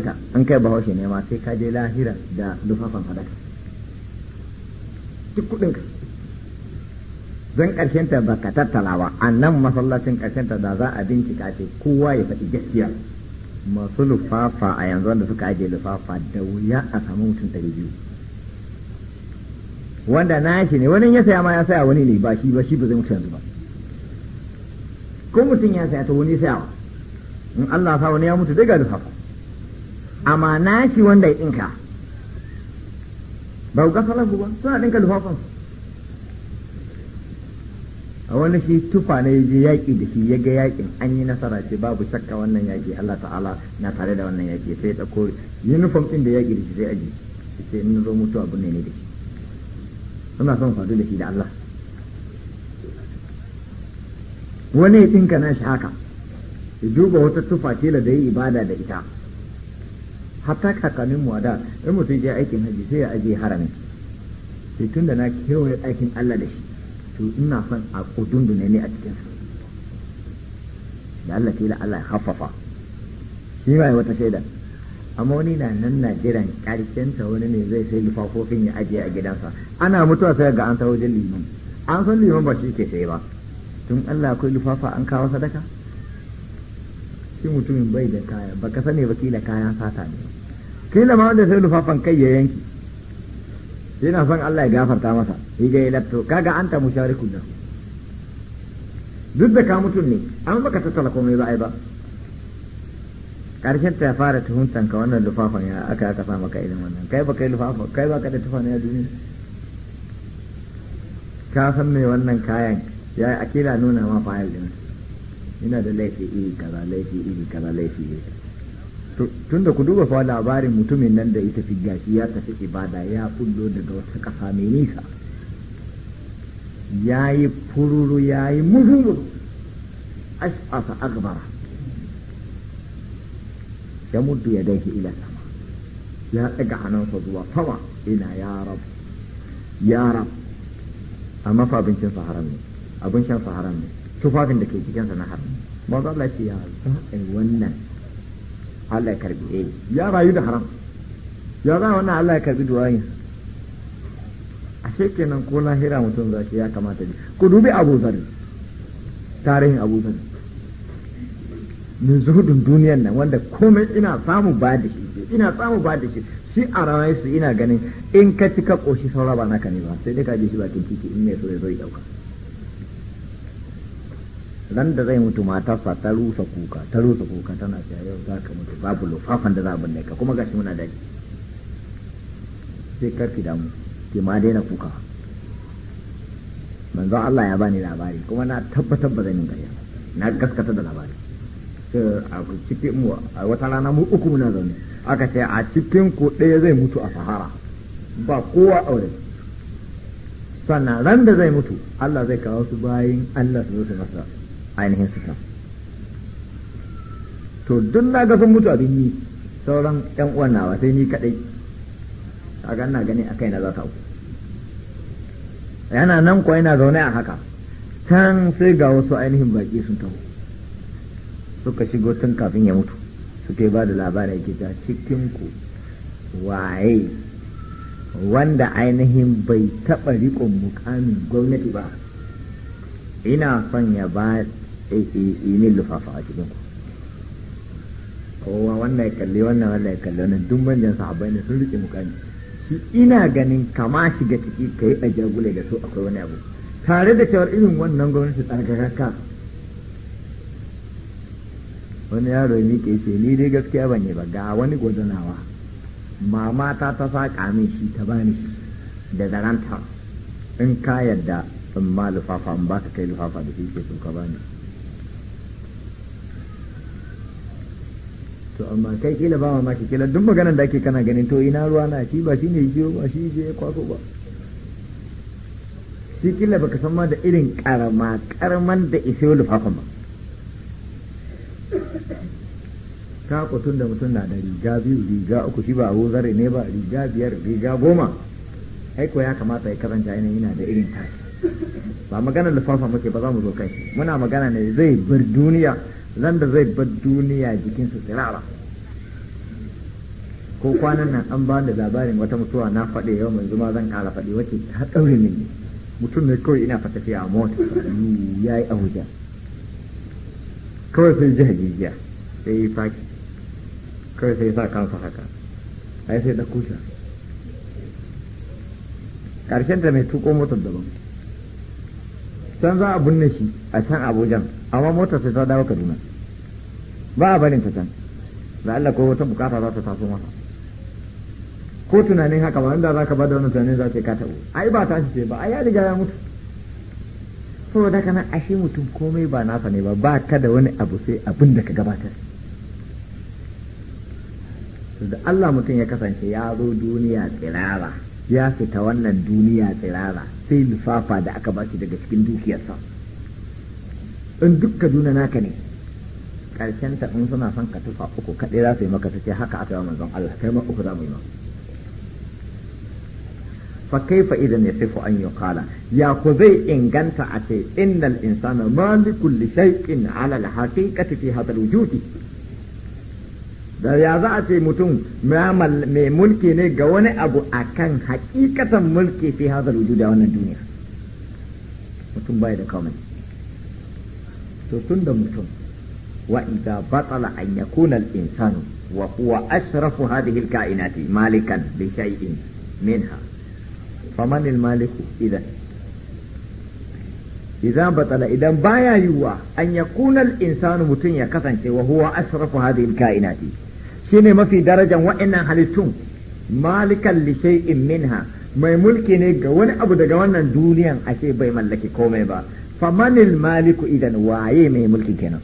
ta an kai bahaushe ne ma sai ka je lahira da lufafan sadaka duk kuɗinka don karshen ta ba ka tattalawa a nan masallacin karshen ta da za a bincika ce kowa ya faɗi gaskiya masu lufafa a yanzu wanda suka ajiye lufafa da wuya a samu mutum ɗari biyu wanda na shi ne wani ya saya ma ya saya wani ne ba shi ba shi ba zai mutu yanzu ba ko mutum ya saya ta wani saya in Allah sa wani ya mutu daga lufafa amma na shi wanda ya ɗinka ba ku ga salafu ba suna ɗinka lufafan a wani shi tufa ne ya je yaƙi da shi ya ga yaƙin an yi nasara ce babu shakka wannan yaƙi Allah ta'ala na tare da wannan yaƙi sai ya ɗauko uniform ɗin da yaƙi da shi sai aji sai in zo mutuwa abu ne ne da shi suna son faɗo da shi da Allah wani ya ka na shi haka ya duba wata tufa ce da yi ibada da ita hatta kakannin mu da in mutum ya aikin haji sai ya aje harami sai tun da na kewaye aikin Allah da shi to ina son a kudin da ne a cikin su da Allah ke Allah ya haffafa shi ba wata shaida amma wani na nan na jiran karshen ta wani ne zai sai lufafofin ya ajiye a gidansa ana mutuwa sai ga an ta wajen liman an san liman ba shi ke sai ba tun Allah akwai lufafa an kawo sadaka shi mutumin bai da kaya ka sani ba kila kayan sata ne kila ma wanda sai lufafan kai ya yanki yana son Allah ya gafarta masa ga ya lafto kaga anta musharikun lahu duk da ka mutum ne an baka tattala komai ba ai ba karshen ta fara tuhuntan ka wannan lufafan ya aka aka sa maka irin wannan kai ba kai lufafa kai ba ka da tufa na duniya ka san me wannan kayan ya akila nuna ma fayil din ina da laifi iri kaza laifi iri kaza laifi iri tunda ku duba fa labarin mutumin nan da ya tafi gashi ya tafi ibada ya kullo daga wasu ƙasa mai nisa ya yi fururu ya yi muhuru ash'asa agbara ya muddu ya daihi ila sama ya ɗaga hannunsa zuwa sama ina ya rabu ya rabu amma fa abincin saharan ne abincin shan haram ne tufafin da ke cikinsa na haram za Allah ce ya za wannan Allah ya karbi ya rayu da haram ya za wannan Allah ya karbi duwayin ashe kenan ko lahira mutum za ya kamata ne ku dubi Abu Zari tarihin Abu Zari min zuhudun duniyan nan wanda komai ina samu ba da shi ina samu ba da shi shi a ranar su ina ganin in ka ci ka koshi saura ba naka ne ba sai dai ka je shi bakin titi in ne so ya zo ya dauka ran da zai mutu matarsa ta rusa kuka ta rusa kuka tana cewa yau za ka mutu babu lufafan da za a binne ka kuma gashi muna daji sai karfi damu ke ma daina kuka manzo Allah ya bani labari kuma na tabbatar ba zan yi ƙarya na gaskata da labari a cikin mu a wata rana mu uku muna zaune aka ce a cikin ku ɗaya zai mutu a sahara ba kowa aure sannan ran da zai mutu Allah zai kawo su bayin Allah su zo su masa ainihin su to duk na ga sun mutu abin yi sauran yan uwan nawa sai ni kadai kaga ina gani a kaina za ta uku yana nan kuwa yana zaune a haka can sai ga wasu ainihin baki sun taho suka shigo tun kafin ya mutu suke ba da labarin gida cikin ku waye wanda ainihin bai taɓa riƙon mukamin gwamnati ba ina son ya ba imin lufafa a cikin kowa wannan ya kalli wannan wannan ya kalli wannan duk manjan sahabbai ne sun rike mukami shi ina ganin kama shiga ciki ka yi ajagule da su akwai wani abu tare da cewar irin wannan gwamnati tsarkakakka wani yaro ya miƙe ce ni dai gaskiya ban yi ba ga wani gwadunawa mama ta ta saƙa min shi ta bani shi da zaranta in ka yadda in ma lufafa in ba ka kai lufafa da shi ke sun ka bani to amma kai kila ba ma maki kila duk maganar da ake kana ganin to ina ruwa na shi ba shi ne ba shi je kwako ba shi kila baka san ma da irin karama karaman da ishe lufafan ba ta kutun da mutum na da riga biyu riga uku shi ba abu zare ne ba riga biyar riga goma aiko ya kamata ya karanta yana yana da irin tashi ba maganar lufafa muke ba za mu zo kai muna magana ne zai bar duniya ran da zai bar duniya jikinsa tsirara ko kwanan nan an bani labarin wata mutuwa na faɗe yau mai zuma zan ƙara faɗi wacce ta ɗaure mini mutum ne kawai ina fatafiya a mota ya yi abuja kawai sai ji hajijiya sai yi faki kawai sai sa kansa haka ai sai da kusa ƙarshen ta mai tuko motar daban San za a binne shi a can abujan amma motar sai ta dawo kaduna ba a barin ta can da Allah ko wata bukata za ta taso masa ko tunanin haka ba inda za ka bada wani tunanin za ka ka taɓo ai ba shi ce ba ai ya riga ya mutu saboda kana ashe mutum komai ba nasa ne ba ba ka da wani abu sai abin da ka gabatar da Allah mutum ya kasance ya zo duniya tsirara ya fita wannan duniya tsirara sai lufafa da aka bashi daga cikin dukiyarsa in duk kaduna naka ne karshen ta in suna son ka tufa uku kaɗai za su yi maka ce haka aka yi manzon Allah kai ma uku za mu yi ma. fa kaifa idan ya sifu an kala ya ku zai inganta a ce innal insana malikul li shay'in ala al haqiqati fi wujudi da ya za a ce mutum mai mulki ne ga wani abu akan hakikatan mulki fi hazar wujuda wannan duniya mutum bai da kawai to tun da mutum wa idza batala an yakuna al-insanu wa huwa ashrafu hadhihi al-kainati malikan bi shay'in minha faman al-maliku idan idan batala idan baya yiwuwa an yakuna al-insanu mutum ya kasance wa huwa ashrafu hadhihi al-kainati shine mafi darajan wa'annan halittun malikan li shay'in minha mai mulki ne ga wani abu daga wannan duniyan ashe bai mallaki komai ba famanil maliku idan waye mai mulki kenan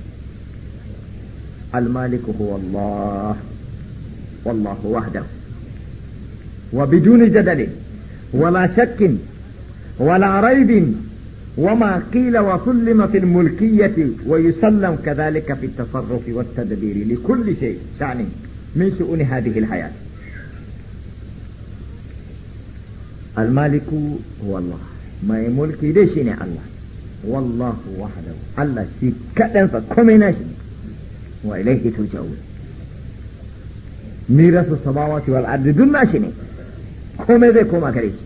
al maliku huwa Allah wallahu wahdahu wa biduni jadali wala shakkin wala raibin وما قيل وسلم في الملكية ويسلم كذلك في التصرف والتدبير لكل شيء شأنه من شؤون هذه الحياة المالك هو الله ما يملك ليشني الله والله وحده الله شي كدن فكمنا شي وإليه ترجعون ميراث السماوات والأرض دون ناشي ne komai zai koma gare shi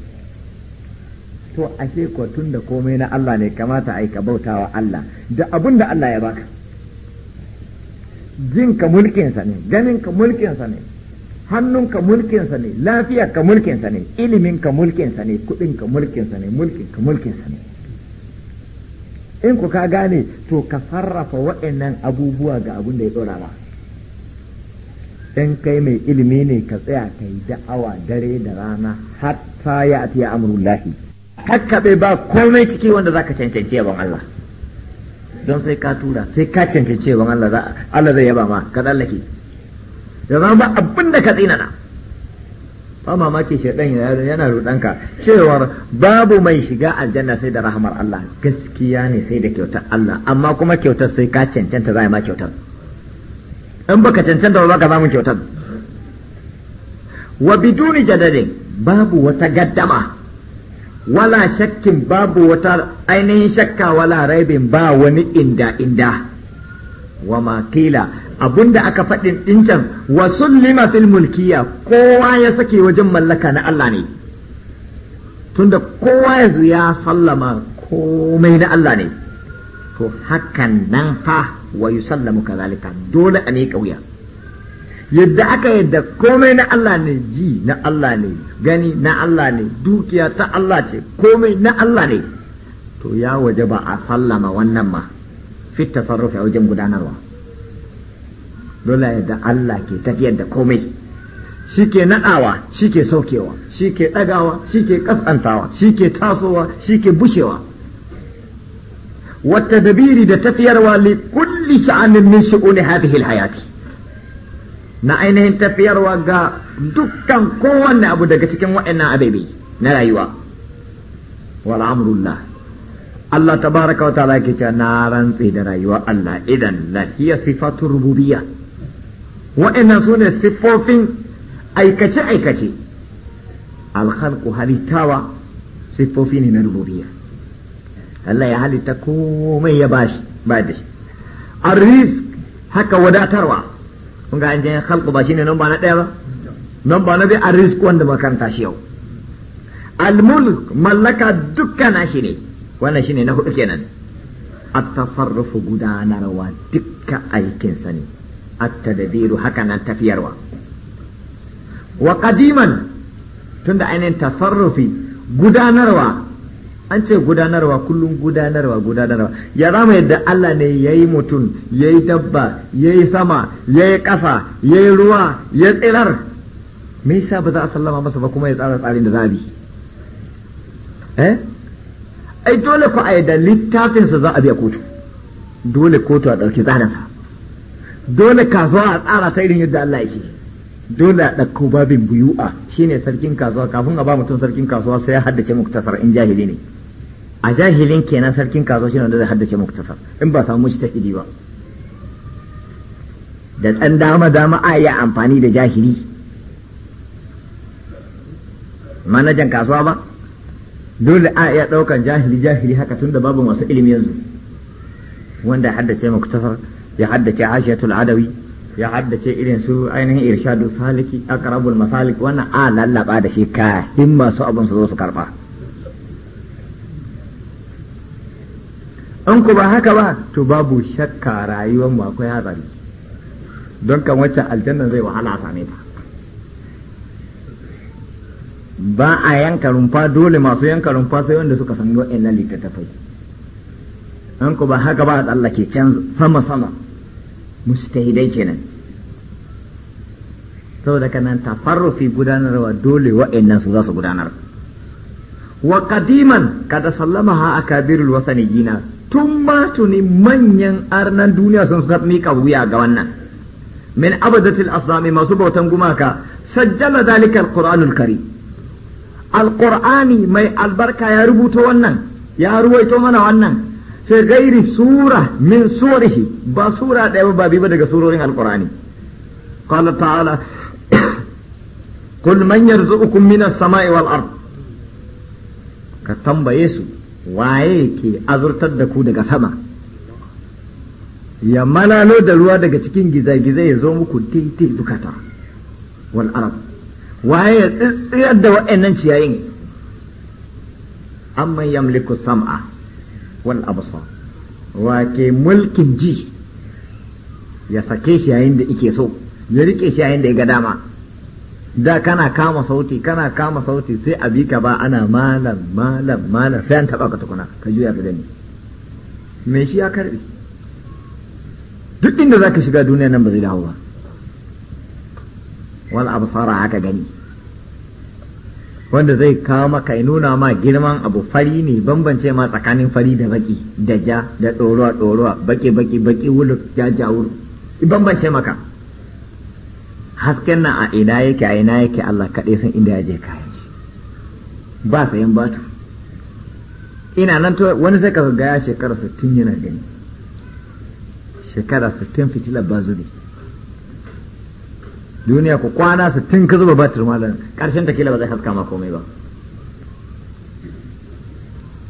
to ashe ko tun da komai na Allah ne kamata ai ka bautawa Allah da abun da Allah ya baka jinka mulkinsa ne ganinka mulkinsa ne hannunka mulkinsa ne lafiyarka mulkinsa ne iliminka mulkinsa ne kudinka mulkinsa ne mulkinka mulkinsa ne in ku ka gane to ka sarrafa waɗannan abubuwa ga abin da ya ɗora ba in kai mai ilimi ne ka tsaya ka yi da'awa dare da rana hatta ya ya amurullahi hakka bai ba komai ciki wanda zaka cancanci ban Allah don sai ka tura sai ka cancanci ban Allah zai yaba ma ka tsallake da zama ba abin da ka tsinana ba mamaki shaidan yana rudanka cewar babu mai shiga aljanna sai da rahamar Allah gaskiya ne sai da kyautar Allah amma kuma kyautar sai ka cancanta za ma kyautar in baka cancanta ba ka samu kyautar wa biduni jadadin babu wata gaddama wala shakkin babu wata ainihin shakka wala raibin ba wani inda inda wa makila abinda aka faɗin ɗincan wa sullima fil mulkiya kowa ya sake wajen mallaka na Allah ne tunda kowa yanzu ya sallama komai na Allah ne to hakan nan fa wa yusallamu kazalika dole a ne kauya yadda aka yadda komai na Allah ne ji na Allah ne gani na Allah ne dukiya ta Allah ce komai na Allah ne to ya waje ba a sallama wannan ma fit tasarrufi a wajen gudanarwa dole yadda Allah ke tafiyar da komai shi ke naɗawa shi ke saukewa shi ke ɗagawa shi ke ƙasƙantawa shi ke tasowa shi ke bushewa wata dabiri da tafiyarwa li kulli sha'anin min shu'uni hadhihi hayati na ainihin tafiyarwa ga dukkan kowanne abu daga cikin waɗannan ababe na rayuwa wal'amurullah Allah. Allah baraka wa ta'ala ke na rantse da rayuwa Allah idan la hiya sifatu rububiyya waɗannan sune sifofin aikace aikace alhalku halittawa siffofi ne na rububiyya Allah ya halitta komai ya bashi ba dai haka wadatarwa kun ga an je khalqu ba shine namba na daya ba namba na biyu arrizq wanda makaranta shi yau almulk mallaka dukkan shi ne wannan shine na hudu kenan at-tasarrufu gudanarwa dukka aikin sa ne at-tadbiru haka nan tafiyarwa wa qadiman tunda ainihin tasarrufi gudanarwa an ce gudanarwa kullum gudanarwa gudanarwa ya zama yadda Allah ne ya yi mutum ya yi dabba ya yi sama ya yi ƙasa ya yi ruwa ya tsirar me yasa ba za a sallama masa ba kuma ya tsara tsarin da za a bi eh ai dole ku a yadda sa za a bi kotu dole kotu a ɗauki tsarinsa dole kasuwa a tsara ta irin yadda Allah ya ce dole a ɗauko babin buyu'a shine sarkin kasuwa kafin a ba mutum sarkin kasuwa sai ya haddace muktasar in jahili ne a jahilin kenan sarkin kazo shi wanda zai haddace muktasar in ba samu mujtahidi ba da ɗan dama dama a yi amfani da jahili manajan kasuwa ba dole a iya ɗaukan jahili jahili haka tun da babu masu ilimi yanzu wanda haddace muktasar ya haddace hashiyatul adawi ya haddace irin su ainihin irshadu saliki akrabul masalik wannan a lallaba da shi kahin masu abin su zo su karba in ku ba haka ba to babu shakka rayuwar mu akwai hatsari don kan wacce aljanna zai wahala a same ta ba a yanka rumfa dole masu yanka rumfa sai wanda suka san ta littattafai an ku ba haka ba a tsallake can sama sama mustahidai kenan saboda kanan tafarrufi gudanarwa dole wa'annan su za su gudanar wa kadiman kada a kabirul wasaniyina tun ma tuni manyan arnan duniya sun miƙa wuya ga wannan min abadatil asnami masu bautan gumaka sajjala zalika qur'anul kari alqur'ani mai albarka ya rubuto wannan ya ruwaito mana wannan fi gairi sura min surihi ba sura ɗaya ba ba daga surorin alqur'ani qala ta'ala qul man yarzuqukum minas sama'i wal ard ka tambaye su waye ke azurtar da ku daga sama ya malalo da ruwa daga cikin gizagizai ya zo muku tintin bukata wal arab waye ya tsitsiyar da wa'annan ciyayin amma yamliku sam'a wal absar wa ke mulkin ji ya sake shi yayin da ike so ya rike shi yayin da ya ga dama da kana kama sauti kana kama sauti sai a bi ka ba ana malam malam malam sai an taba ka tukuna ka juya ka ni. me shi ya karbe duk inda zaka shiga duniya nan ba zai dawo ba wal absara haka gani wanda zai kawo maka ya nuna ma girman abu fari ne bambance ma tsakanin fari da baki da ja da ɗoruwa ɗoruwa baki baki baki wuluk ja ja wuluk bambance maka hasken nan a ina yake a ina yake Allah kaɗai san inda ya je kayan shi ba sayan batu ina nan to wani sai ka ga shekara 60 yana gani shekara 60 fitilar ba zubi duniya ku kwana 60 ka zuba batir malam karshen ta kila ba zai haska ma komai ba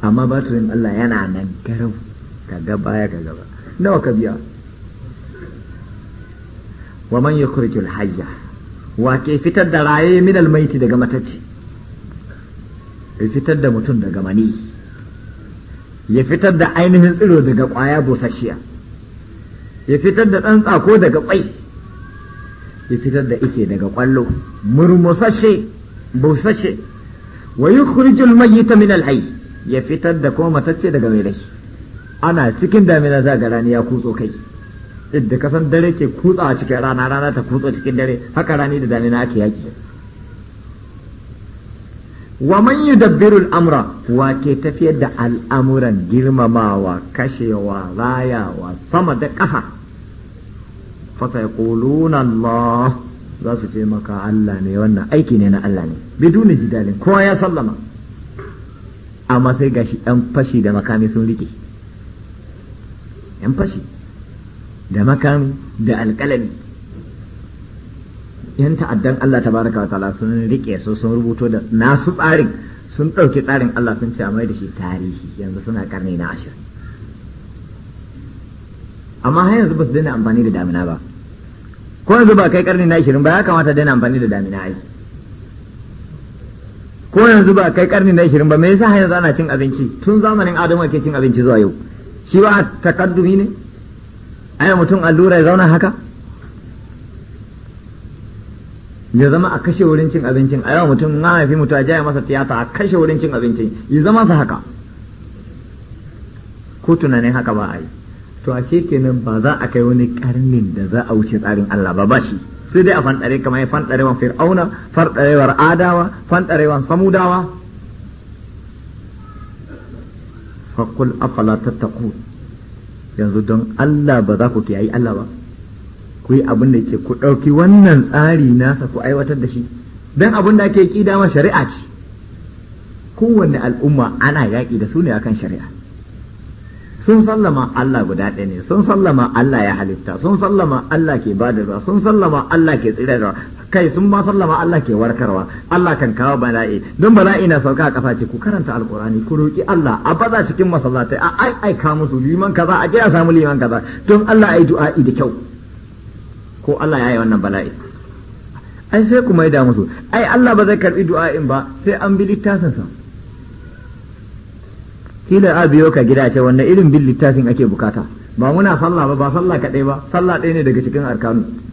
amma batirin Allah yana nan garau ka ga baya ka gaba nawa ka biya wa man yukhrijul hayya wa ke fitar da raye min almaiti daga matacce ya fitar da mutum daga mani ya fitar da ainihin tsiro daga ƙwaya bosashiya ya fitar da ɗan tsako daga kwai ya fitar da ike daga kwallo murmusashe bosashe wa yukhrijul mayyita min alhayy ya fitar da ko matacce daga mai rai ana cikin damina zagara ne ya kutso kai ka kasan dare ke kutsa a cikin rana rana ta kutsa cikin dare haka rani da damina ake yaki wa man yudabbiru amra wa ke tafiyar da al'amuran girmamawa kashewa rayawa sama da ƙasa sai quluna Allah za su ce maka Allah ne wannan aiki ne na Allah ne biduni jidalin kowa ya sallama amma sai gashi ɗan fashi da makami sun rike yan fashi da makami da alƙalami yan ta'addan Allah tabaraka wa ta'ala sun rike su sun rubuto da nasu tsarin sun ɗauki tsarin Allah sun ce a mai da shi tarihi yanzu suna karni na ashirin amma har yanzu ba su daina amfani da damina ba ko yanzu ba kai karni na ashirin ba ya kamata daina amfani da damina ai ko yanzu ba kai karni na ashirin ba me yasa har yanzu ana cin abinci tun zamanin Adamu ake cin abinci zuwa yau shi ba takaddumi ne aya mutum allura ya zauna haka ya zama a kashe wurin cin abincin a yawa mutum na haifi mutu a jaya masa tiyata a kashe wurin cin abincin ya zama su haka ko tunanin haka ba a yi to a kenan ba za a kai wani karnin da za a wuce tsarin Allah ba ba shi sai dai a fanɗare kamar fanɗarewan fir'auna fanɗarewar adawa fanɗarewan samudawa faƙul afala tattaqun yanzu don Allah ba za ku kiyayi Allah ba ku yi abin da yake ku ɗauki wannan tsari nasa ku aiwatar da shi don abin da ake ƙi dama shari'a ce kowanne al'umma ana yaƙi da su ne akan shari'a sun sallama Allah guda ɗaya ne sun sallama Allah ya halitta sun sallama Allah ke bada ruwa sun sallama Allah ke tsira da ruwa kai sun ma sallama Allah ke warkarwa Allah kan kawo bala'i don bala'i na sauka a kasa ce ku karanta alkurani ku roki Allah a baza cikin masallatai a ai ai ka musu liman kaza a je a samu liman kaza don Allah ai du'a'i da kyau ko Allah ya yi wannan bala'i ai sai ku maida musu ai Allah ba zai karbi du'a'in ba sai an bi littafin sa kila a biyo ka gida ce wannan irin bin littafin ake bukata ba muna sallah ba ba sallah kaɗai ba sallah ɗaya ne daga cikin arkanu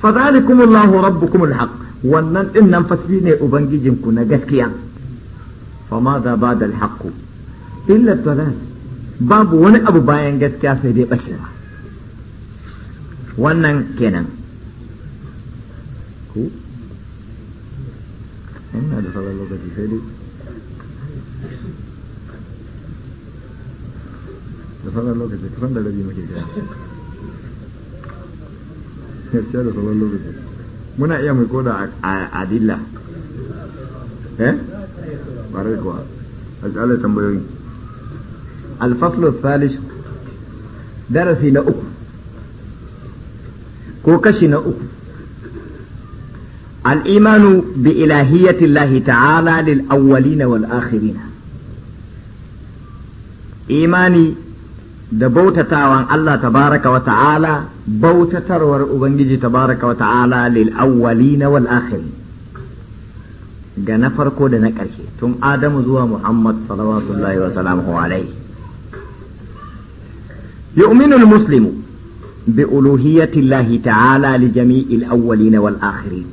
fa zalikumullahu rabbukumul haqq wannan din nan fasiri ne ubangijinku na gaskiya fa ma za ba da alhaqu illa dalal babu wani abu bayan gaskiya sai dai bacewa wannan kenan ku ina da sauran lokaci sai dai da sauran lokaci kusan da rabi muke jira gaskiya da sauran lokaci muna iya mai koda adilla eh bare kuwa alƙalai tambayoyi alfaslu thalith darasi na uku ko kashi na uku الإيمان بإلهية الله تعالى للأولين والآخرين إيماني دبوت تاوان الله تبارك وتعالى bautatarwar ubangiji baraka wata'ala lil awwalina wal akhirin ga na farko da na ƙarshe tun adamu zuwa muhammad salawatullahi wa salamuhu alaihi yu'minu muslimu bi uluhiyatillahi ta'ala li jami'il awwalina wal akhirin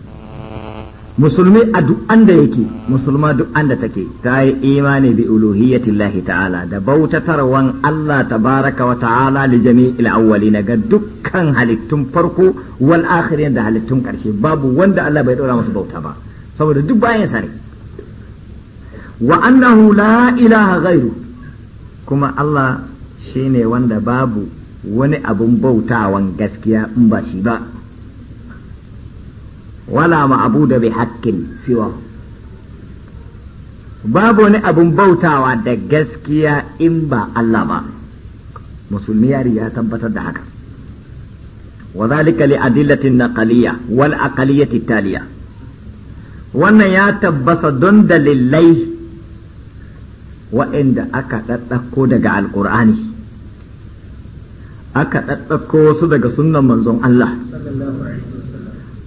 musulmi a duk anda yake musulma duk anda take ta yi imani bi uluhiyyatillahi ta'ala da bautatarwan Allah tabaraka wa ta'ala li jami'il awwalina ga dukkan halittun farko wal akhirin da halittun karshe babu wanda Allah bai dora masu bauta ba saboda duk bayan sare wa annahu la ilaha ghairu kuma Allah shine wanda babu wani abun bautawan gaskiya in ba shi ba wala ma'abuda bi haƙƙin siwa babu wani abun bautawa da gaskiya in ba Allah ba musulmi ya tabbatar da haka wa zalika li adillatin naqaliyya wal aqaliyyati taliya wannan ya tabbasa don dalilai wa'inda aka ɗaɗɗako daga alƙur'ani aka ɗaɗɗako wasu daga sunnan manzon Allah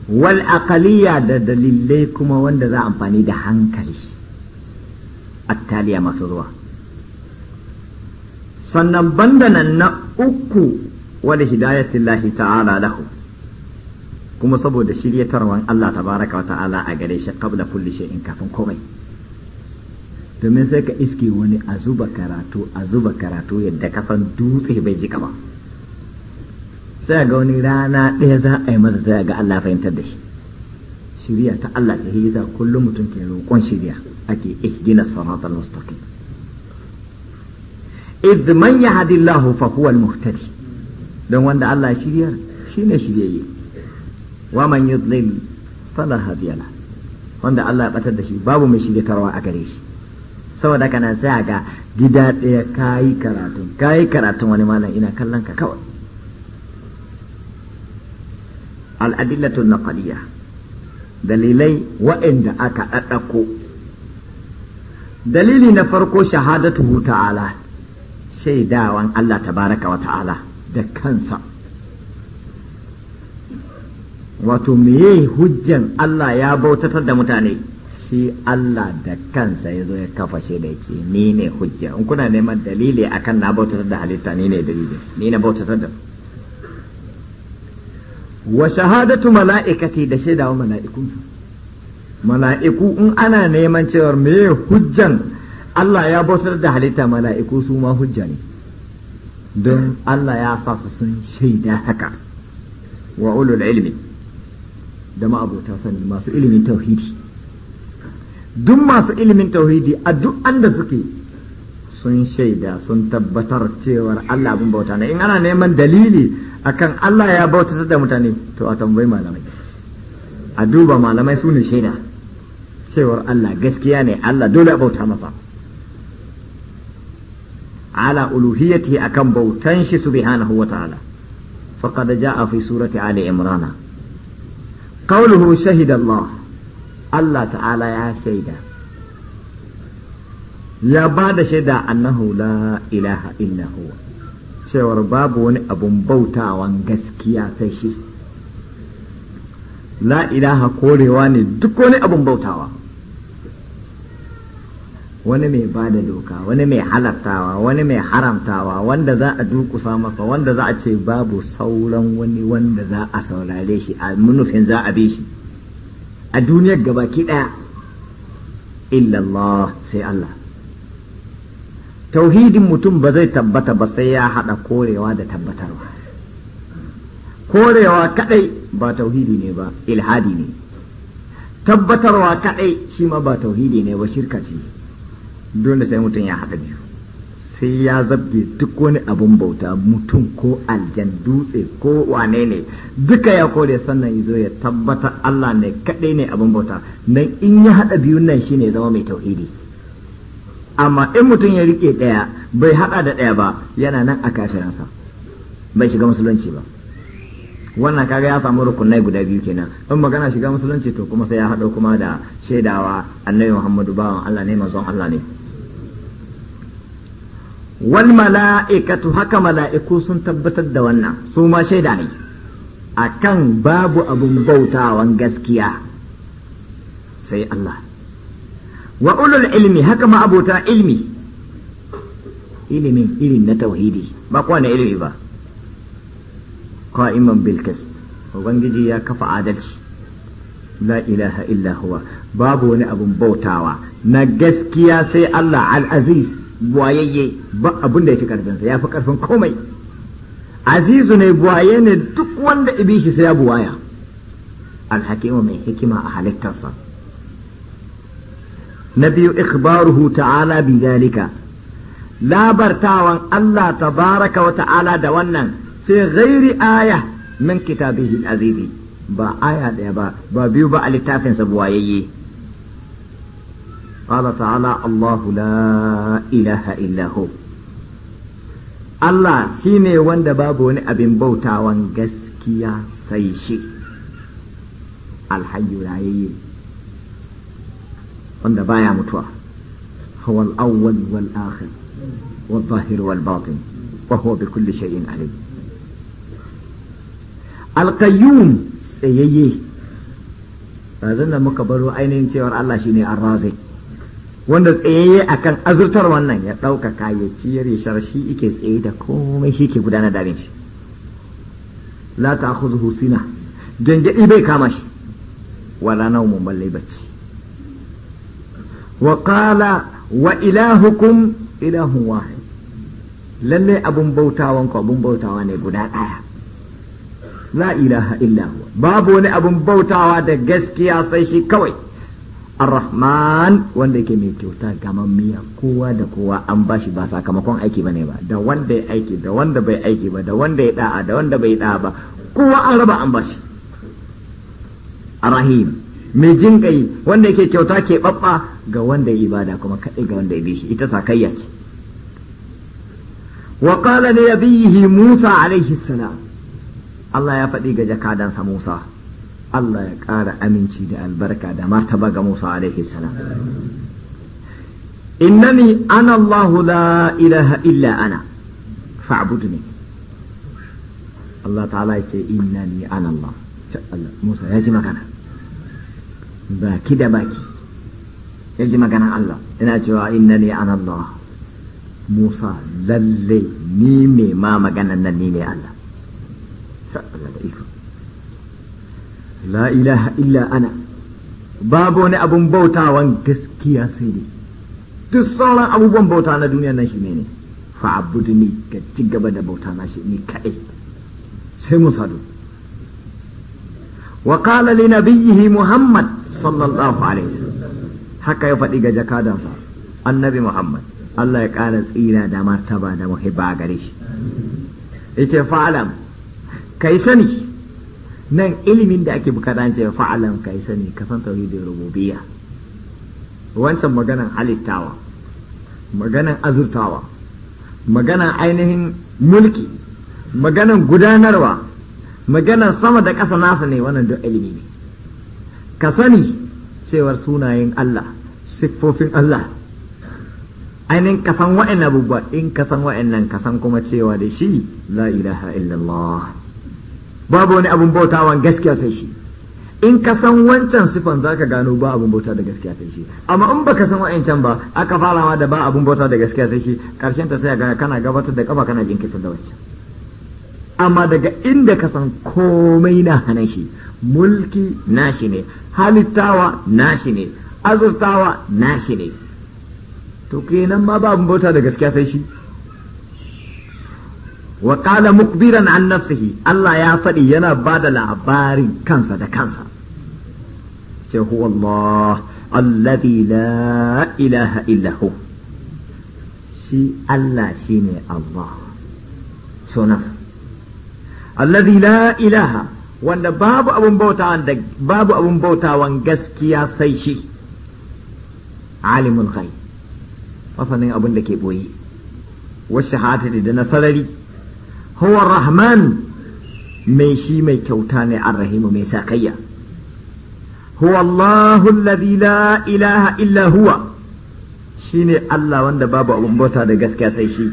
wal aqaliya da dalilai kuma wanda za amfani da hankali attaliya masu zuwa sannan banda nan na uku wani lahi ta'ala lahu kuma saboda shiryatarwan Allah tabaraka wa ta'ala a gare shi qabla kulli shay'in kafin komai domin sai ka iske wani a zuba karatu a zuba karatu yadda ka san dutse bai jika ba sai ga wani rana ɗaya za a yi masa sai ga Allah fahimtar da shi shiriya ta Allah ta hiza kullum mutum ke roƙon shiriya ake ihdina siratal mustaqim idh man yahdillahu fa huwa al-muhtadi dan wanda Allah shiriya shine yi wa man yudlil fala hadiya wanda Allah ya batar da shi babu mai shiryatarwa a gare shi saboda kana sai ga gida ɗaya kayi karatun kayi karatun wani malam ina kallon ka kawai na naqaliya dalilai wa'inda aka ɗaɗɗako dalili na farko shahadatu ta'ala shaidawan Allah Ta baraka wa ta'ala da kansa wato meye hujjan Allah ya bautatar da mutane shi Allah da kansa ya zo ya kafa shaida ya ce ni ne hujja in kuna neman dalili akan na bautatar da halitta ni ne dalili ni na bautatar da su wa shahadatu mala'ikati da shaidawa mala'ikunsa mala'iku in ana neman cewa me hujjan Allah ya bautar da halitta mala'iku su ma hujja ne don Allah ya sa su sun shaida haka wa ulul ilmi da ma'abota sani masu ilimin tauhidi duk masu ilimin tauhidi a duk anda suke sun shaida sun tabbatar cewar Allah abin bauta ne in ana neman dalili akan Allah ya bautata da mutane to a tambayi malamai a duba malamai su ne shaida cewar Allah gaskiya ne Allah dole a bauta masa ala uluhiyati akan bautan shi subhanahu wa ta'ala faqad jaa fi surati ali imran qawluhu shahida Allah Allah ta'ala ya shaida ya ba da shaida annahu la ilaha illa huwa cewar babu wani abun bautawan gaskiya sai shi la ilaha korewa ne duk wani abun bautawa wani mai ba da doka wani mai halartawa wani mai haramtawa wanda za a durkusa masa wanda za a ce babu sauran wani wanda za a saurare shi a munufin za a bi shi a duniyar gabaki ɗaya illallah sai Allah tauhidin mutum ba zai tabbata ba sai ya haɗa korewa da tabbatarwa korewa kaɗai ba tauhidi ne ba ilhadi ne tabbatarwa kaɗai shi ma ba tauhidi ne ba shirka ce dole sai mutum ya haɗa biyu sai ya zabge duk wani abin bauta mutum ko aljan dutse ko wane ne duka ya kore sannan zo ya tabbatar Allah ne kaɗai ne abin bauta nan in ya haɗa biyun nan shi shine zama mai tauhidi amma in mutum ya rike ɗaya bai haɗa da ɗaya ba yana nan a kafiransa bai shiga musulunci ba wannan kaga ya samu rukunai guda biyu kenan in magana shiga musulunci to kuma sai ya haɗo kuma da shaidawa annabi muhammadu bawan allah ne mazon allah ne wal mala'ikatu haka mala'iku sun tabbatar da wannan su ma shaida ne akan babu abun bautawan gaskiya sai allah wa ulul ilmi haka ma abota ilmi ilimin irin na tauhidi ba na ilimi ba qa'iman bil qist ubangiji ya kafa adalci la ilaha illa huwa babu wani abun bautawa na gaskiya sai Allah al-aziz buwayayye ba abun da yake karfin sa fi karfin komai azizu ne buwaye ne duk wanda ibishi sai ya buwaya al-hakimu mai hikima a halittarsa na biyu ikhbaruhu ta'ala bi zalika labartawan Allah tabaraka wa ta'ala da wannan fi ghairi aya min kitabihi azizi ba aya daya ba ba biyu ba a littafin sa buwayayye قال ta'ala allahu لا إله Allah shine wanda babu wani abin bautawan gaskiya sai shi alhayu rayayye wanda baya mutuwa هو الأول والآخر والظاهر والباطن وهو بكل شيء عليم القيوم سيئي أظن مكبر أين cewar Allah shine الرازق wanda tsayayye akan azurtar wannan ya ɗaukaka kayyaci, ciyar ya shar shi ike tsaye da komai shi ke gudanar da shi la ta khudhu sina gangaɗi bai kama shi wala naumun balle bacci وقال وإلهكم إله واحد lalle abun بوتا ku abun bautawa ne guda ɗaya la إله إلا هو babu wani abun bautawa da gaskiya sai shi kawai wanda yake mai kyauta gamammiya kowa da kowa an bashi ba sakamakon aiki bane ba da wanda ya aiki da wanda bai aiki ba da wanda ya da'a da wanda bai da'a ba kowa an raba an bashi a rahim mai jin kai wanda yake kyauta ke babba ga wanda ya ibada kuma kaɗai ga wanda ya bi shi ita sakayya ce wa qala li nabiyihi Musa alaihi salam Allah ya faɗi ga jakadansa Musa Allah ya ƙara aminci da albarka da martaba ga Musa alaihi salam innani ana Allah la ilaha illa ana fa'budni Allah ta'ala yake ce innani ana Allah Musa ya ji magana baki da baki ya ji maganan Allah yana cewa inna ne an Allah Musa lalle ni mai ma maganan nan ni ne Allah la ilaha illa ana babu wani abun bautawan gaskiya sai dai duk sauran abubuwan bauta na duniya nan shi ne ne fa'abudu ni ka ci gaba da bauta na shi ni kaɗai sai mu sadu wa qala li muhammad sallallahu alaihi wasallam haka ya faɗi ga jakadansa annabi muhammad Allah ya ƙara tsira da martaba da muhibba gare shi yace fa'alam kai sani nan ilimin da ake bukata an ce fa'alam kai sani ka san tauhidin rububiyya wancan maganan halittawa maganan azurtawa maganan ainihin mulki maganan gudanarwa maganan sama da ƙasa nasa ne wannan duk ilimi ne ka sani cewar sunayen Allah siffofin Allah ainihin ka san wa'in abubuwa in ka san wa'in nan ka san kuma cewa da shi la ilaha illallah babu wani abun bautawan gaskiya sai shi in ka san wancan sifan zaka gano ba abun bauta da gaskiya sai shi amma in baka san can ba aka fara ma da ba abun bauta da gaskiya sai shi karshen ta sai ga kana gabatar da kafa kana jinkirtar da wancan amma daga inda ka san komai na hana shi mulki nashi ne halittawa nashi ne azurtawa nashi ne to kenan ma ba bauta da gaskiya sai shi wa qala mukbiran an nafsihi Allah ya faɗi yana ba da labarin kansa da kansa ce huwa Allah alladhi la ilaha illa hu shi Allah shine Allah sunansa alladhi la ilaha wanda babu abun bautawa da babu abun bautawan gaskiya sai shi alimul ghaib masanin abin da ke boye wa shahadati da nasarari huwa rahman mai shi mai kyauta ne arrahimu mai sakayya huwa allahu alladhi la ilaha illa huwa shine allah wanda babu abun bauta da gaskiya sai shi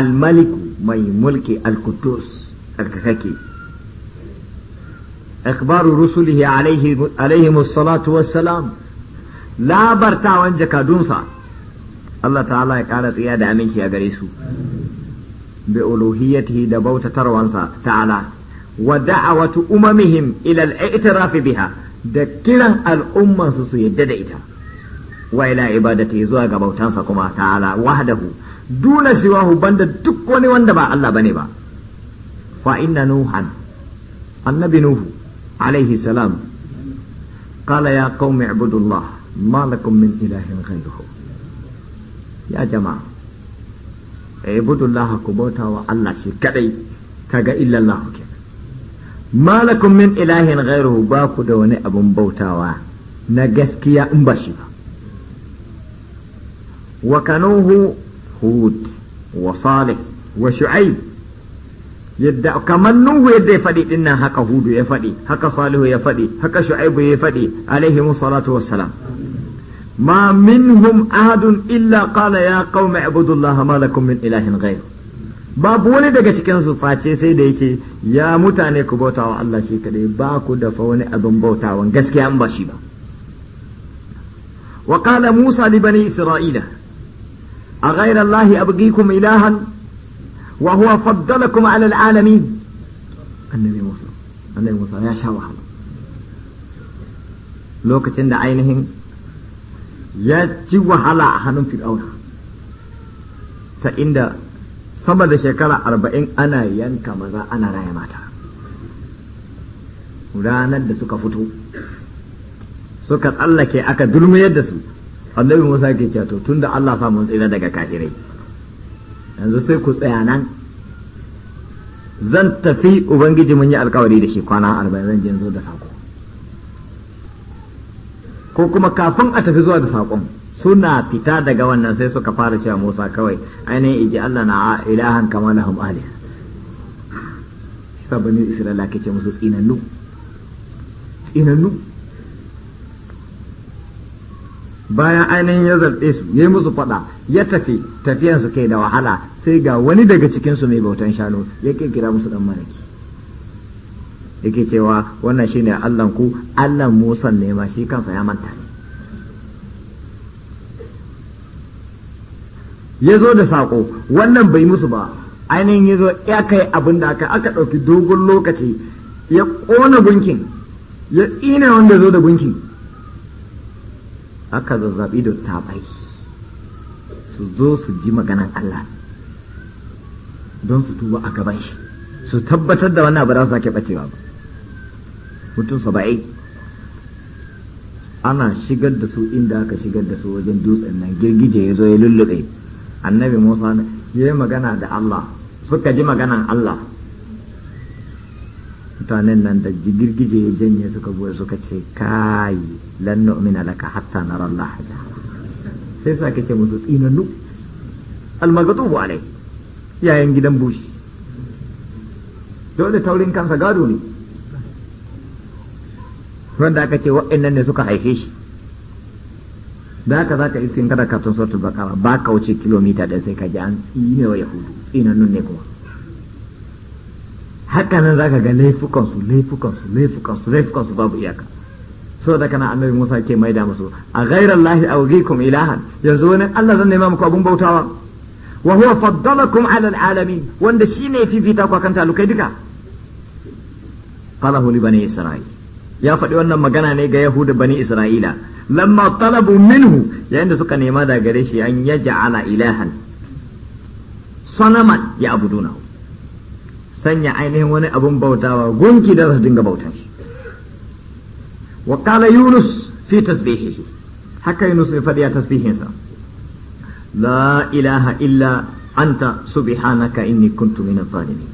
al-maliku mai mulki al-quddus tsarkakake اخبار رسله عليه عليهم الصلاه والسلام لا برتاوان jakadunsa Allah ta'ala ya ƙara tsiya da aminci a gare su bi uluhiyatihi da bautatarwansa ta'ala wa da'awatu umamihim ila al-i'tirafi biha da kiran al'umman su su yadda da ita wa ila ibadati zuwa ga bautansa kuma ta'ala wahdahu duna siwahu banda duk wani wanda ba Allah bane ba fa inna nuhan annabi nuhu عليه السلام قال يا قوم اعبدوا الله ما لكم من إله غيره يا جماعة اعبدوا الله كبوتا والله شكري كاقا إلا الله كي. ما لكم من إله غيره باكو دوني أبو بوتا نجسكيا أمبشيبا وكانوه هود وصالح وشعيب yadda kamar nuhu yadda ya faɗi din nan haka hudu ya faɗi haka salihu ya faɗi haka shu'aibu ya faɗi alaihi salatu wassalam ma minhum ahadun illa qala ya qaumi ibudullah ma lakum min ilahin ghayr babu wani daga cikin su face sai da yace ya mutane ku bautawa Allah shi kadai ba ku dafa wani abin bautawan gaskiya an ba shi ba wa qala musa li bani isra'ila a ghayra allahi abghikum ilahan وهو فضلكم على العالمين النبي موسى النبي موسى يا شاء وحلا lokacin da ainihin ya ci wahala a hannun fir'auna ta inda saboda shekara arba'in ana yanka maza ana raya mata ranar da suka fito suka tsallake aka dulmiyar da su annabi musa ke cewa to tunda allah samu tsira daga kafirai yanzu sai ku tsaya nan zan tafi ubangiji mun yi alkawari da shi kwana arba'in zan je zo da sako ko kuma kafin a tafi zuwa da sakon suna fita daga wannan sai suka fara cewa musa kawai ainihin iji allah na ilahan kama lahum alih sabanin isra'ila ke ce musu tsinannu tsinannu bayan ainihin ya zarfe su ya yi musu faɗa ya tafi tafiyansu kai da wahala sai ga wani daga cikinsu mai bautan shanu ya kirkira musu ɗan malaki yake cewa wannan shi ne allanku, allan musan ne ma shi kansa ya manta ne ya zo da saƙo wannan bai musu ba ainihin ya zo ya kai abin da aka aka ɗauki dogon lokaci ya ƙona gunkin ya tsina wanda zo da gunkin haka zazzabi da tabai su zo su ji maganan Allah don su tuba a gaban shi su tabbatar da wannan abu za su sake bacewa ba mutum saba'in ana shigar da su inda aka shigar da su wajen dutsen nan girgije ya zo ya lullube annabi musa ya yi magana da Allah suka ji maganan Allah mutanen nan da girgije ya janye suka goya suka ce kai lan nu'mina laka hatta nara Allah sai sa kake musu tsinannu almagatubu alai yayin gidan bushi dole taurin kansa gado ne wanda aka ce wa'annan ne suka haife shi da haka za ka iskin kada kafin sautul bakara ba ka kilomita ɗaya sai ka ji an tsinewa yahudu tsinannun ne kuma haka nan za ka ga laifukansu laifukansu laifukansu laifukansu babu iyaka so da kana annabi Musa ke maida musu a ghairar lahi a wagikum ilahan yanzu wani Allah zan nema muku abun bautawa wa huwa faddalakum ala alamin wanda shine fifita ku kan talukai duka qala huli bani isra'il ya faɗi wannan magana ne ga yahuda bani isra'ila lamma talabu minhu yayin da suka nema da gare shi an ala ilahan sanaman ya abuduna sanya ainihin wani abun bautawa gunki da za su dinga bautan shi wa yunus fi tasbihihi haka yunus ne fadi a tasbihinsa la ilaha illa anta subhanaka inni kuntu minaz zalimin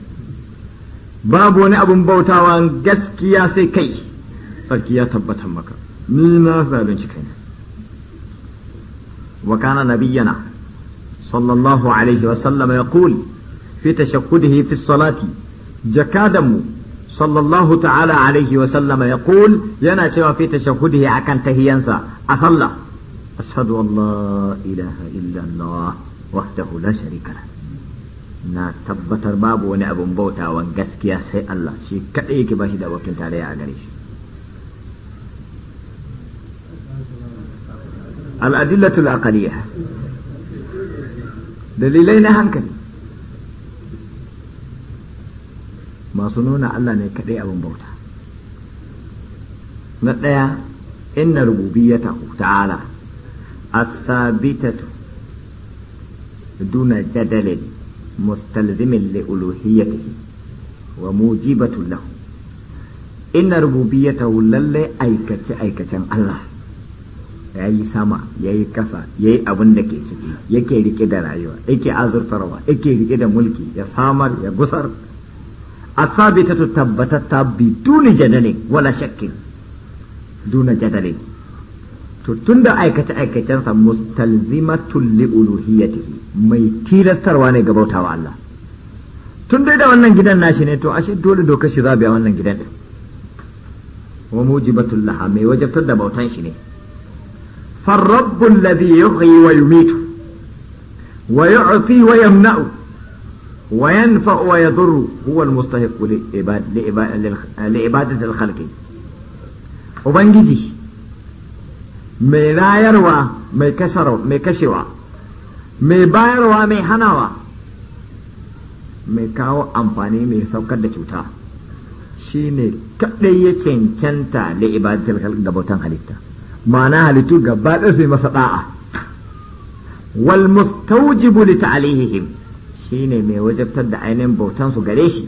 babu wani abun bautawa gaskiya sai kai sarki ya tabbatar maka ni na zalunci ne wa kana nabiyyana sallallahu alaihi wa ya yaqul fi tashakkudihi fi salati jakadanmu sallallahu ta'ala alaihi wa sallama yaqul yana cewa fi tashakkudihi akan tahiyansa a sallah ashhadu an la ilaha illa allah wahdahu la sharika na tabbatar babu wani abin bautawan gaskiya sai Allah shi kaɗai yake ba shi da abokin tarayya a gare shi al'adillatul aqaliyya dalilai na hankali masu nuna Allah ne kaɗai abin bauta na ɗaya inna rububiyatahu ta'ala as duna jadalin mustalzimin li uluhiyatihi wa mujibatu lahu inna rububiyatahu lalle aikace aikacen Allah ya yi sama ya yi kasa ya yi abin da ke ciki yake rike da rayuwa yake azurtarwa yake rike da mulki ya samar ya gusar الثابتة تبتتا بدون جدل ولا شك دون جدل تتند أيكة أيكة مستلزمة لألوهيته mai tilastarwa ne ga bautawa Allah tun dai da wannan gidan nashi ne to ashe dole dokar shi zabiya wannan gidan din wa mujibatul laha mai wajabtar da bautan shi ne farrabbul ladhi yuhyi wa yumitu wa yu'ti wa yamna'u وينفع ويضر هو المستحق لعبادة الخلق Ubangiji mai rayarwa mai kashewa, mai bayarwa mai hanawa, mai kawo amfani mai saukar da cuta shi ne kaɗai ya cancanta da ibadatul khalq da bautan halitta ma'ana halittu gaba ɗaya su yi masa ɗa'a wal mustawjibu li ta'alihihim shine mai wajabtar da ainihin bautan su gare shi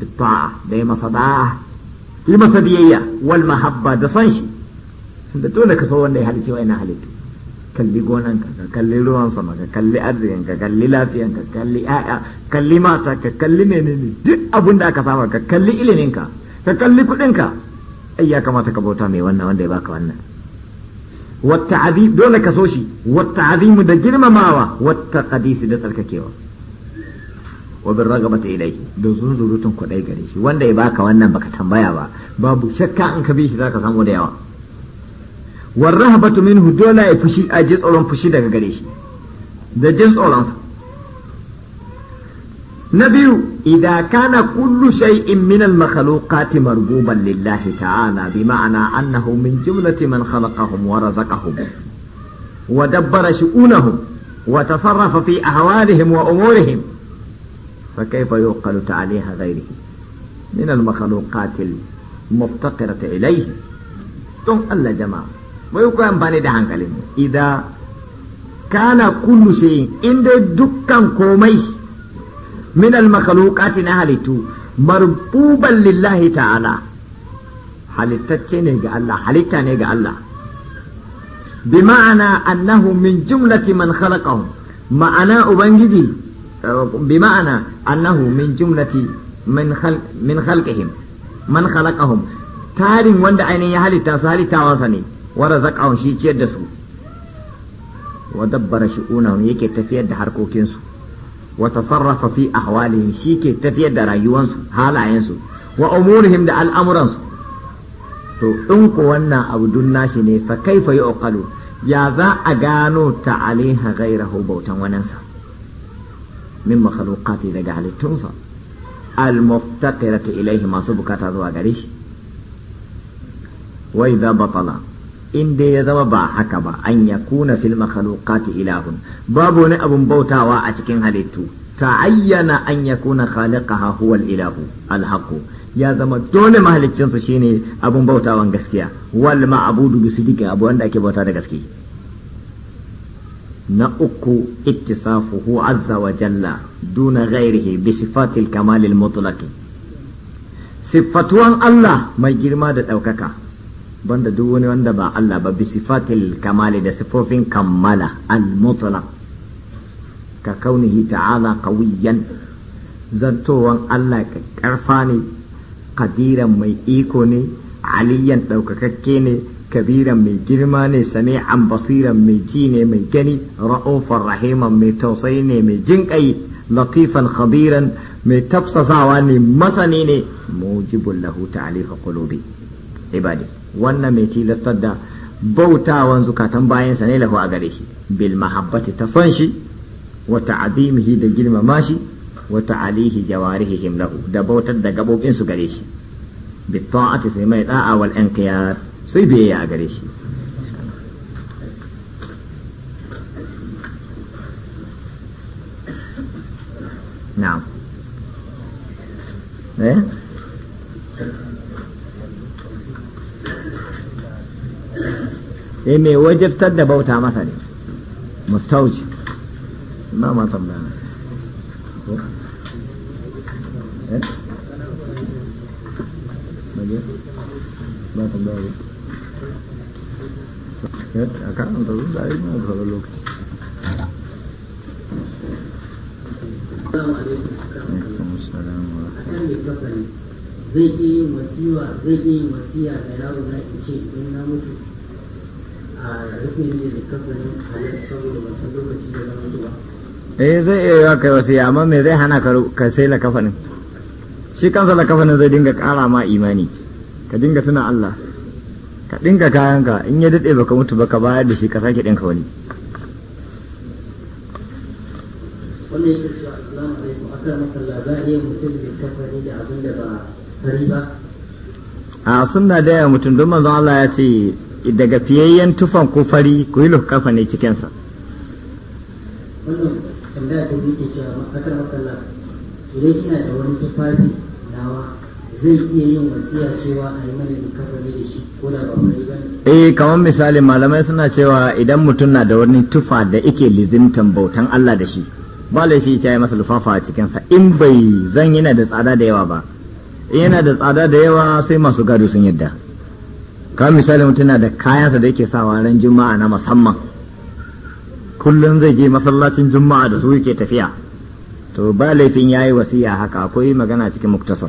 bitta'a da ya masa da'a yi masa biyayya wal mahabba da son shi da dole ka so wanda ya halice wa ina halittu kalli gonanka ka kalli ruwan sama ka kalli arzikin ka kalli lafiyan ka kalli ya'ya kalli mata ka kalli menene duk abin da aka saba ka kalli ilimin ka ka kalli kudin ka ai ya kamata ka bauta mai wannan wanda ya baka wannan wata dole ka so shi wata azimu da girmamawa wata kadisi da tsarkakewa wa bin ragabata ilaihi da zunzurutun kudai gare shi wanda ya baka wannan baka tambaya ba babu shakka in ka bi shi zaka samu da yawa war rahabatu minhu dole ya fushi a ji tsoron fushi daga gare shi da jin tsoronsa na biyu idan kana kullu shay'in min al makhluqati marbuban lillahi ta'ala bi ma'ana annahu min jumlati man khalaqahum wa razaqahum wa dabbara shu'unahum wa tasarrafa fi ahwalihim wa umurihim فكيف يوقل تعليها غيره من المخلوقات المفتقرة إليه تم الله جماعة ويكو أنباني ده هنكلم إذا كان كل شيء عند دكان كومي من المخلوقات نهلتو مربوبا لله تعالى halittacce ne ga Allah halitta ne ga Allah من ma'ana annahu min jumlati man بمعنى أنه من jumlati من خلق من خلقهم من خلقهم tarin wanda ainihin ya halitta su halittawansa ne shi ciyar da su wa dabbara shu'unahum yake tafiyar da harkokinsu wata sarrafa fi ahwalihim shi ke tafiyar da rayuwarsu halayensu wa umurihim da al'amuransu to in ku wannan abu dun nashi ne fa kaifa yuqalu ya za a gano ta ta'aliha ghairahu bautan wanansa min makhluqati daga halittunsa al-muftaqirati ilaihi masu bukata zuwa gare shi wa idza batala inda dai ya zama ba haka ba an yakuna fil makhluqati ilahun babu wani abun bautawa a cikin halittu ayyana an yakuna khaliqaha huwa al-ilahu al-haqq ya zama dole mahaliccinsu shine abun bautawan gaskiya wal ma'budu bi sidqi abu wanda ake bauta da gaskiya na uku ittisafuhu azza wa jalla duna ghairihi bi sifatil kamalil mutlaqi siffatuwan Allah mai girma da ɗaukaka banda duk wani wanda ba Allah ba bi sifatil kamali da sifofin kammala al mutlaq ka kaunihi ta'ala qawiyan zantowan Allah ka karfa ne kadiran mai iko ne aliyan ɗaukakakke ne kabiran mai girma ne sami'an basiran mai ji ne mai gani ra'ufan rahiman mai tausayi ne mai jinƙai latifan khabiran mai tafsasawa ne masani ne mujibul lahu ta'alifa qulubi ibadi wannan mai tilastar da bautawan zukatan bayansa ne lahu a gare shi bil mahabbati ta son shi wa ta'zimihi da girmama shi wa ta'alihi jawarihihim lahu da bautar da gabobin su gare shi bi ta'ati sai mai da'a wal inqiyar sai biyayya a gare shi na'am eh eh mai wajibtar da bauta masa ne mustauji ma ma tambaya eh ba tambaya a karanta su da yi mana sauran lokaci zai iya yin wasiwa zai iya yin wasiya ga yaro na in ce idan na mutu a rufe ne da kafanin halar saboda wasan lokaci da na mutu ba eh zai iya yawa kai wasiya amma me zai hana ka sai la kafanin shi kansa la kafanin zai dinga kara ma imani ka dinga tuna Allah ka dinka kayanka in ya daɗe baka mutu baka bayar da shi ka sake dinka wani wannan yake cewa assalamu alaikum akan makalla za a iya mutum da kamfani da abin da ba fari ba a sunna da yawa mutum don manzon Allah ya ce daga fiyayyen tufan ko fari ku yi lukafa ne cikinsa wannan tambaya da yake cewa akan makalla idan ina da wani tufafi nawa eh kamar misali malamai suna cewa idan mutum na da wani tufa da ike lizimtan bautan Allah da shi ba laifi ta yi masa lufafa a cikinsa in bai zan yana da tsada da yawa ba in yana da tsada da yawa sai masu gado sun yadda kamar misali mutum na da kayansa da yake sawa ran juma'a na musamman kullum zai je masallacin juma'a da su yake tafiya to ba laifin ya yi wasiya haka akwai magana cikin muktasar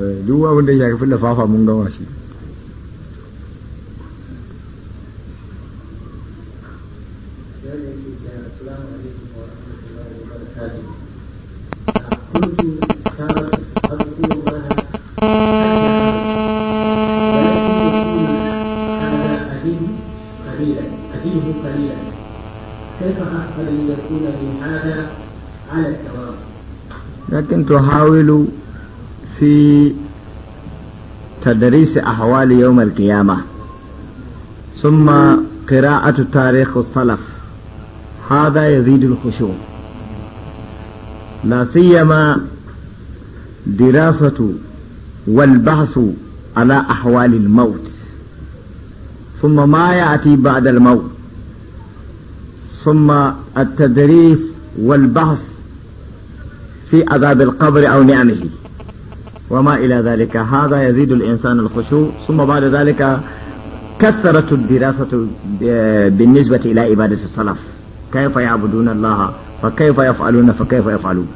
Eh, duk abin da ya shafi lafafa mun gama shi لكن تحاول في تدريس أحوال يوم القيامة ثم قراءة تاريخ السلف هذا يزيد الخشوع لا سيما دراسة والبحث على أحوال الموت ثم ما يأتي بعد الموت ثم التدريس والبحث في عذاب القبر أو نعمه وما إلى ذلك هذا يزيد الإنسان الخشوع ثم بعد ذلك كثرت الدراسة بالنسبة إلى عبادة السلف كيف يعبدون الله فكيف يفعلون فكيف يفعلون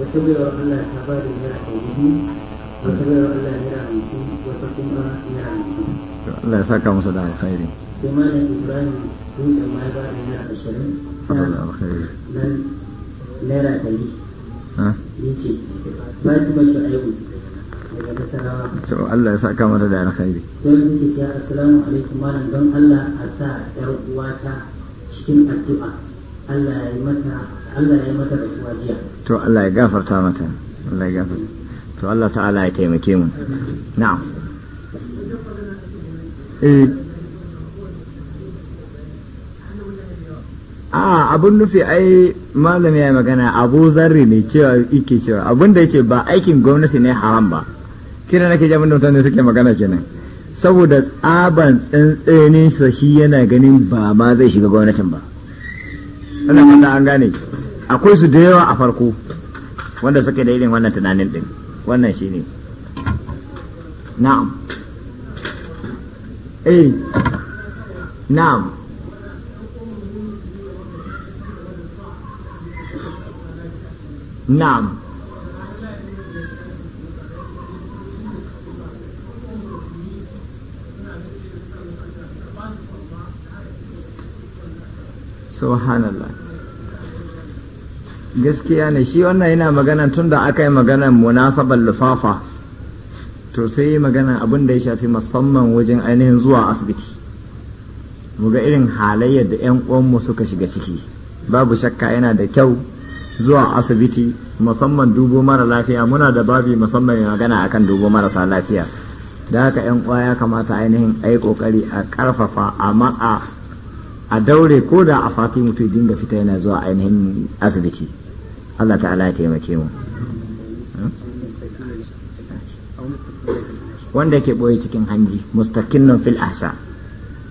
وتبير الله عباد الله قوله وتبير الله نعمسي وتقوم نعمسي الله يساك مصدع الخير سمانة إبراهيم dutsen ma ba da naira ashirin nan naira ɗari ni ce fatima shu'aibu daga nasarawa to Allah ya saka mata da alkhairi sai mun ce ya assalamu alaikum malam don Allah a sa yar uwata cikin addu'a Allah ya yi mata Allah ya yi mata rasuwa jiya to Allah ya gafarta mata Allah ya gafarta to Allah ta'ala ya taimake mu na'am eh a abun nufi ai malami ya magana abu zarri ne cewa ike cewa abun da ce ba aikin gwamnati ne haram ba kina nake jamin da mutane suke magana kenan saboda tsaban tsantsanin sa shi yana ganin ba ma zai shiga gwamnatin ba ana wanda an gane akwai su da yawa a farko wanda suke da irin wannan tunanin din wannan shi na'am eh. na'am gaskiya ne shi wannan yana magana tun da aka yi maganar munasabar lufafa to sai yi magana abin da ya shafi musamman wajen ainihin zuwa asibiti muga irin halayyar da 'yan uwanmu suka shiga ciki babu shakka yana da kyau zuwa asibiti musamman dubo mara lafiya muna da babi musamman ya magana akan dubo marasa lafiya da haka yan uwa ya kamata ainihin a yi kokari a karfafa a matsa a daure ko da a sati mutu dinga fita yana zuwa ainihin asibiti Allah ta'ala ya taimake mu wanda ke boye cikin hanji mustaqinnun fil ahsa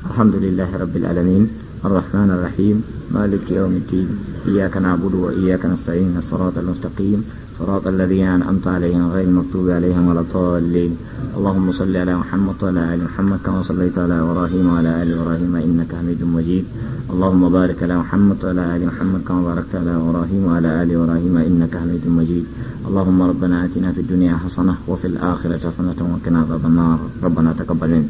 alhamdulillahi rabbil alamin الرحمن الرحيم مالك يوم الدين إياك نعبد وإياك نستعين الصراط المستقيم صراط الذين أنعمت عليهم غير المغضوب عليهم ولا الضالين اللهم صل على محمد وعلى آل محمد كما صليت على إبراهيم وعلى آل إبراهيم إنك حميد مجيد اللهم بارك على محمد وعلى آل محمد كما باركت على إبراهيم وعلى آل إبراهيم إنك حميد مجيد اللهم ربنا آتنا في الدنيا حسنة وفي الآخرة حسنة وقنا عذاب النار ربنا تقبل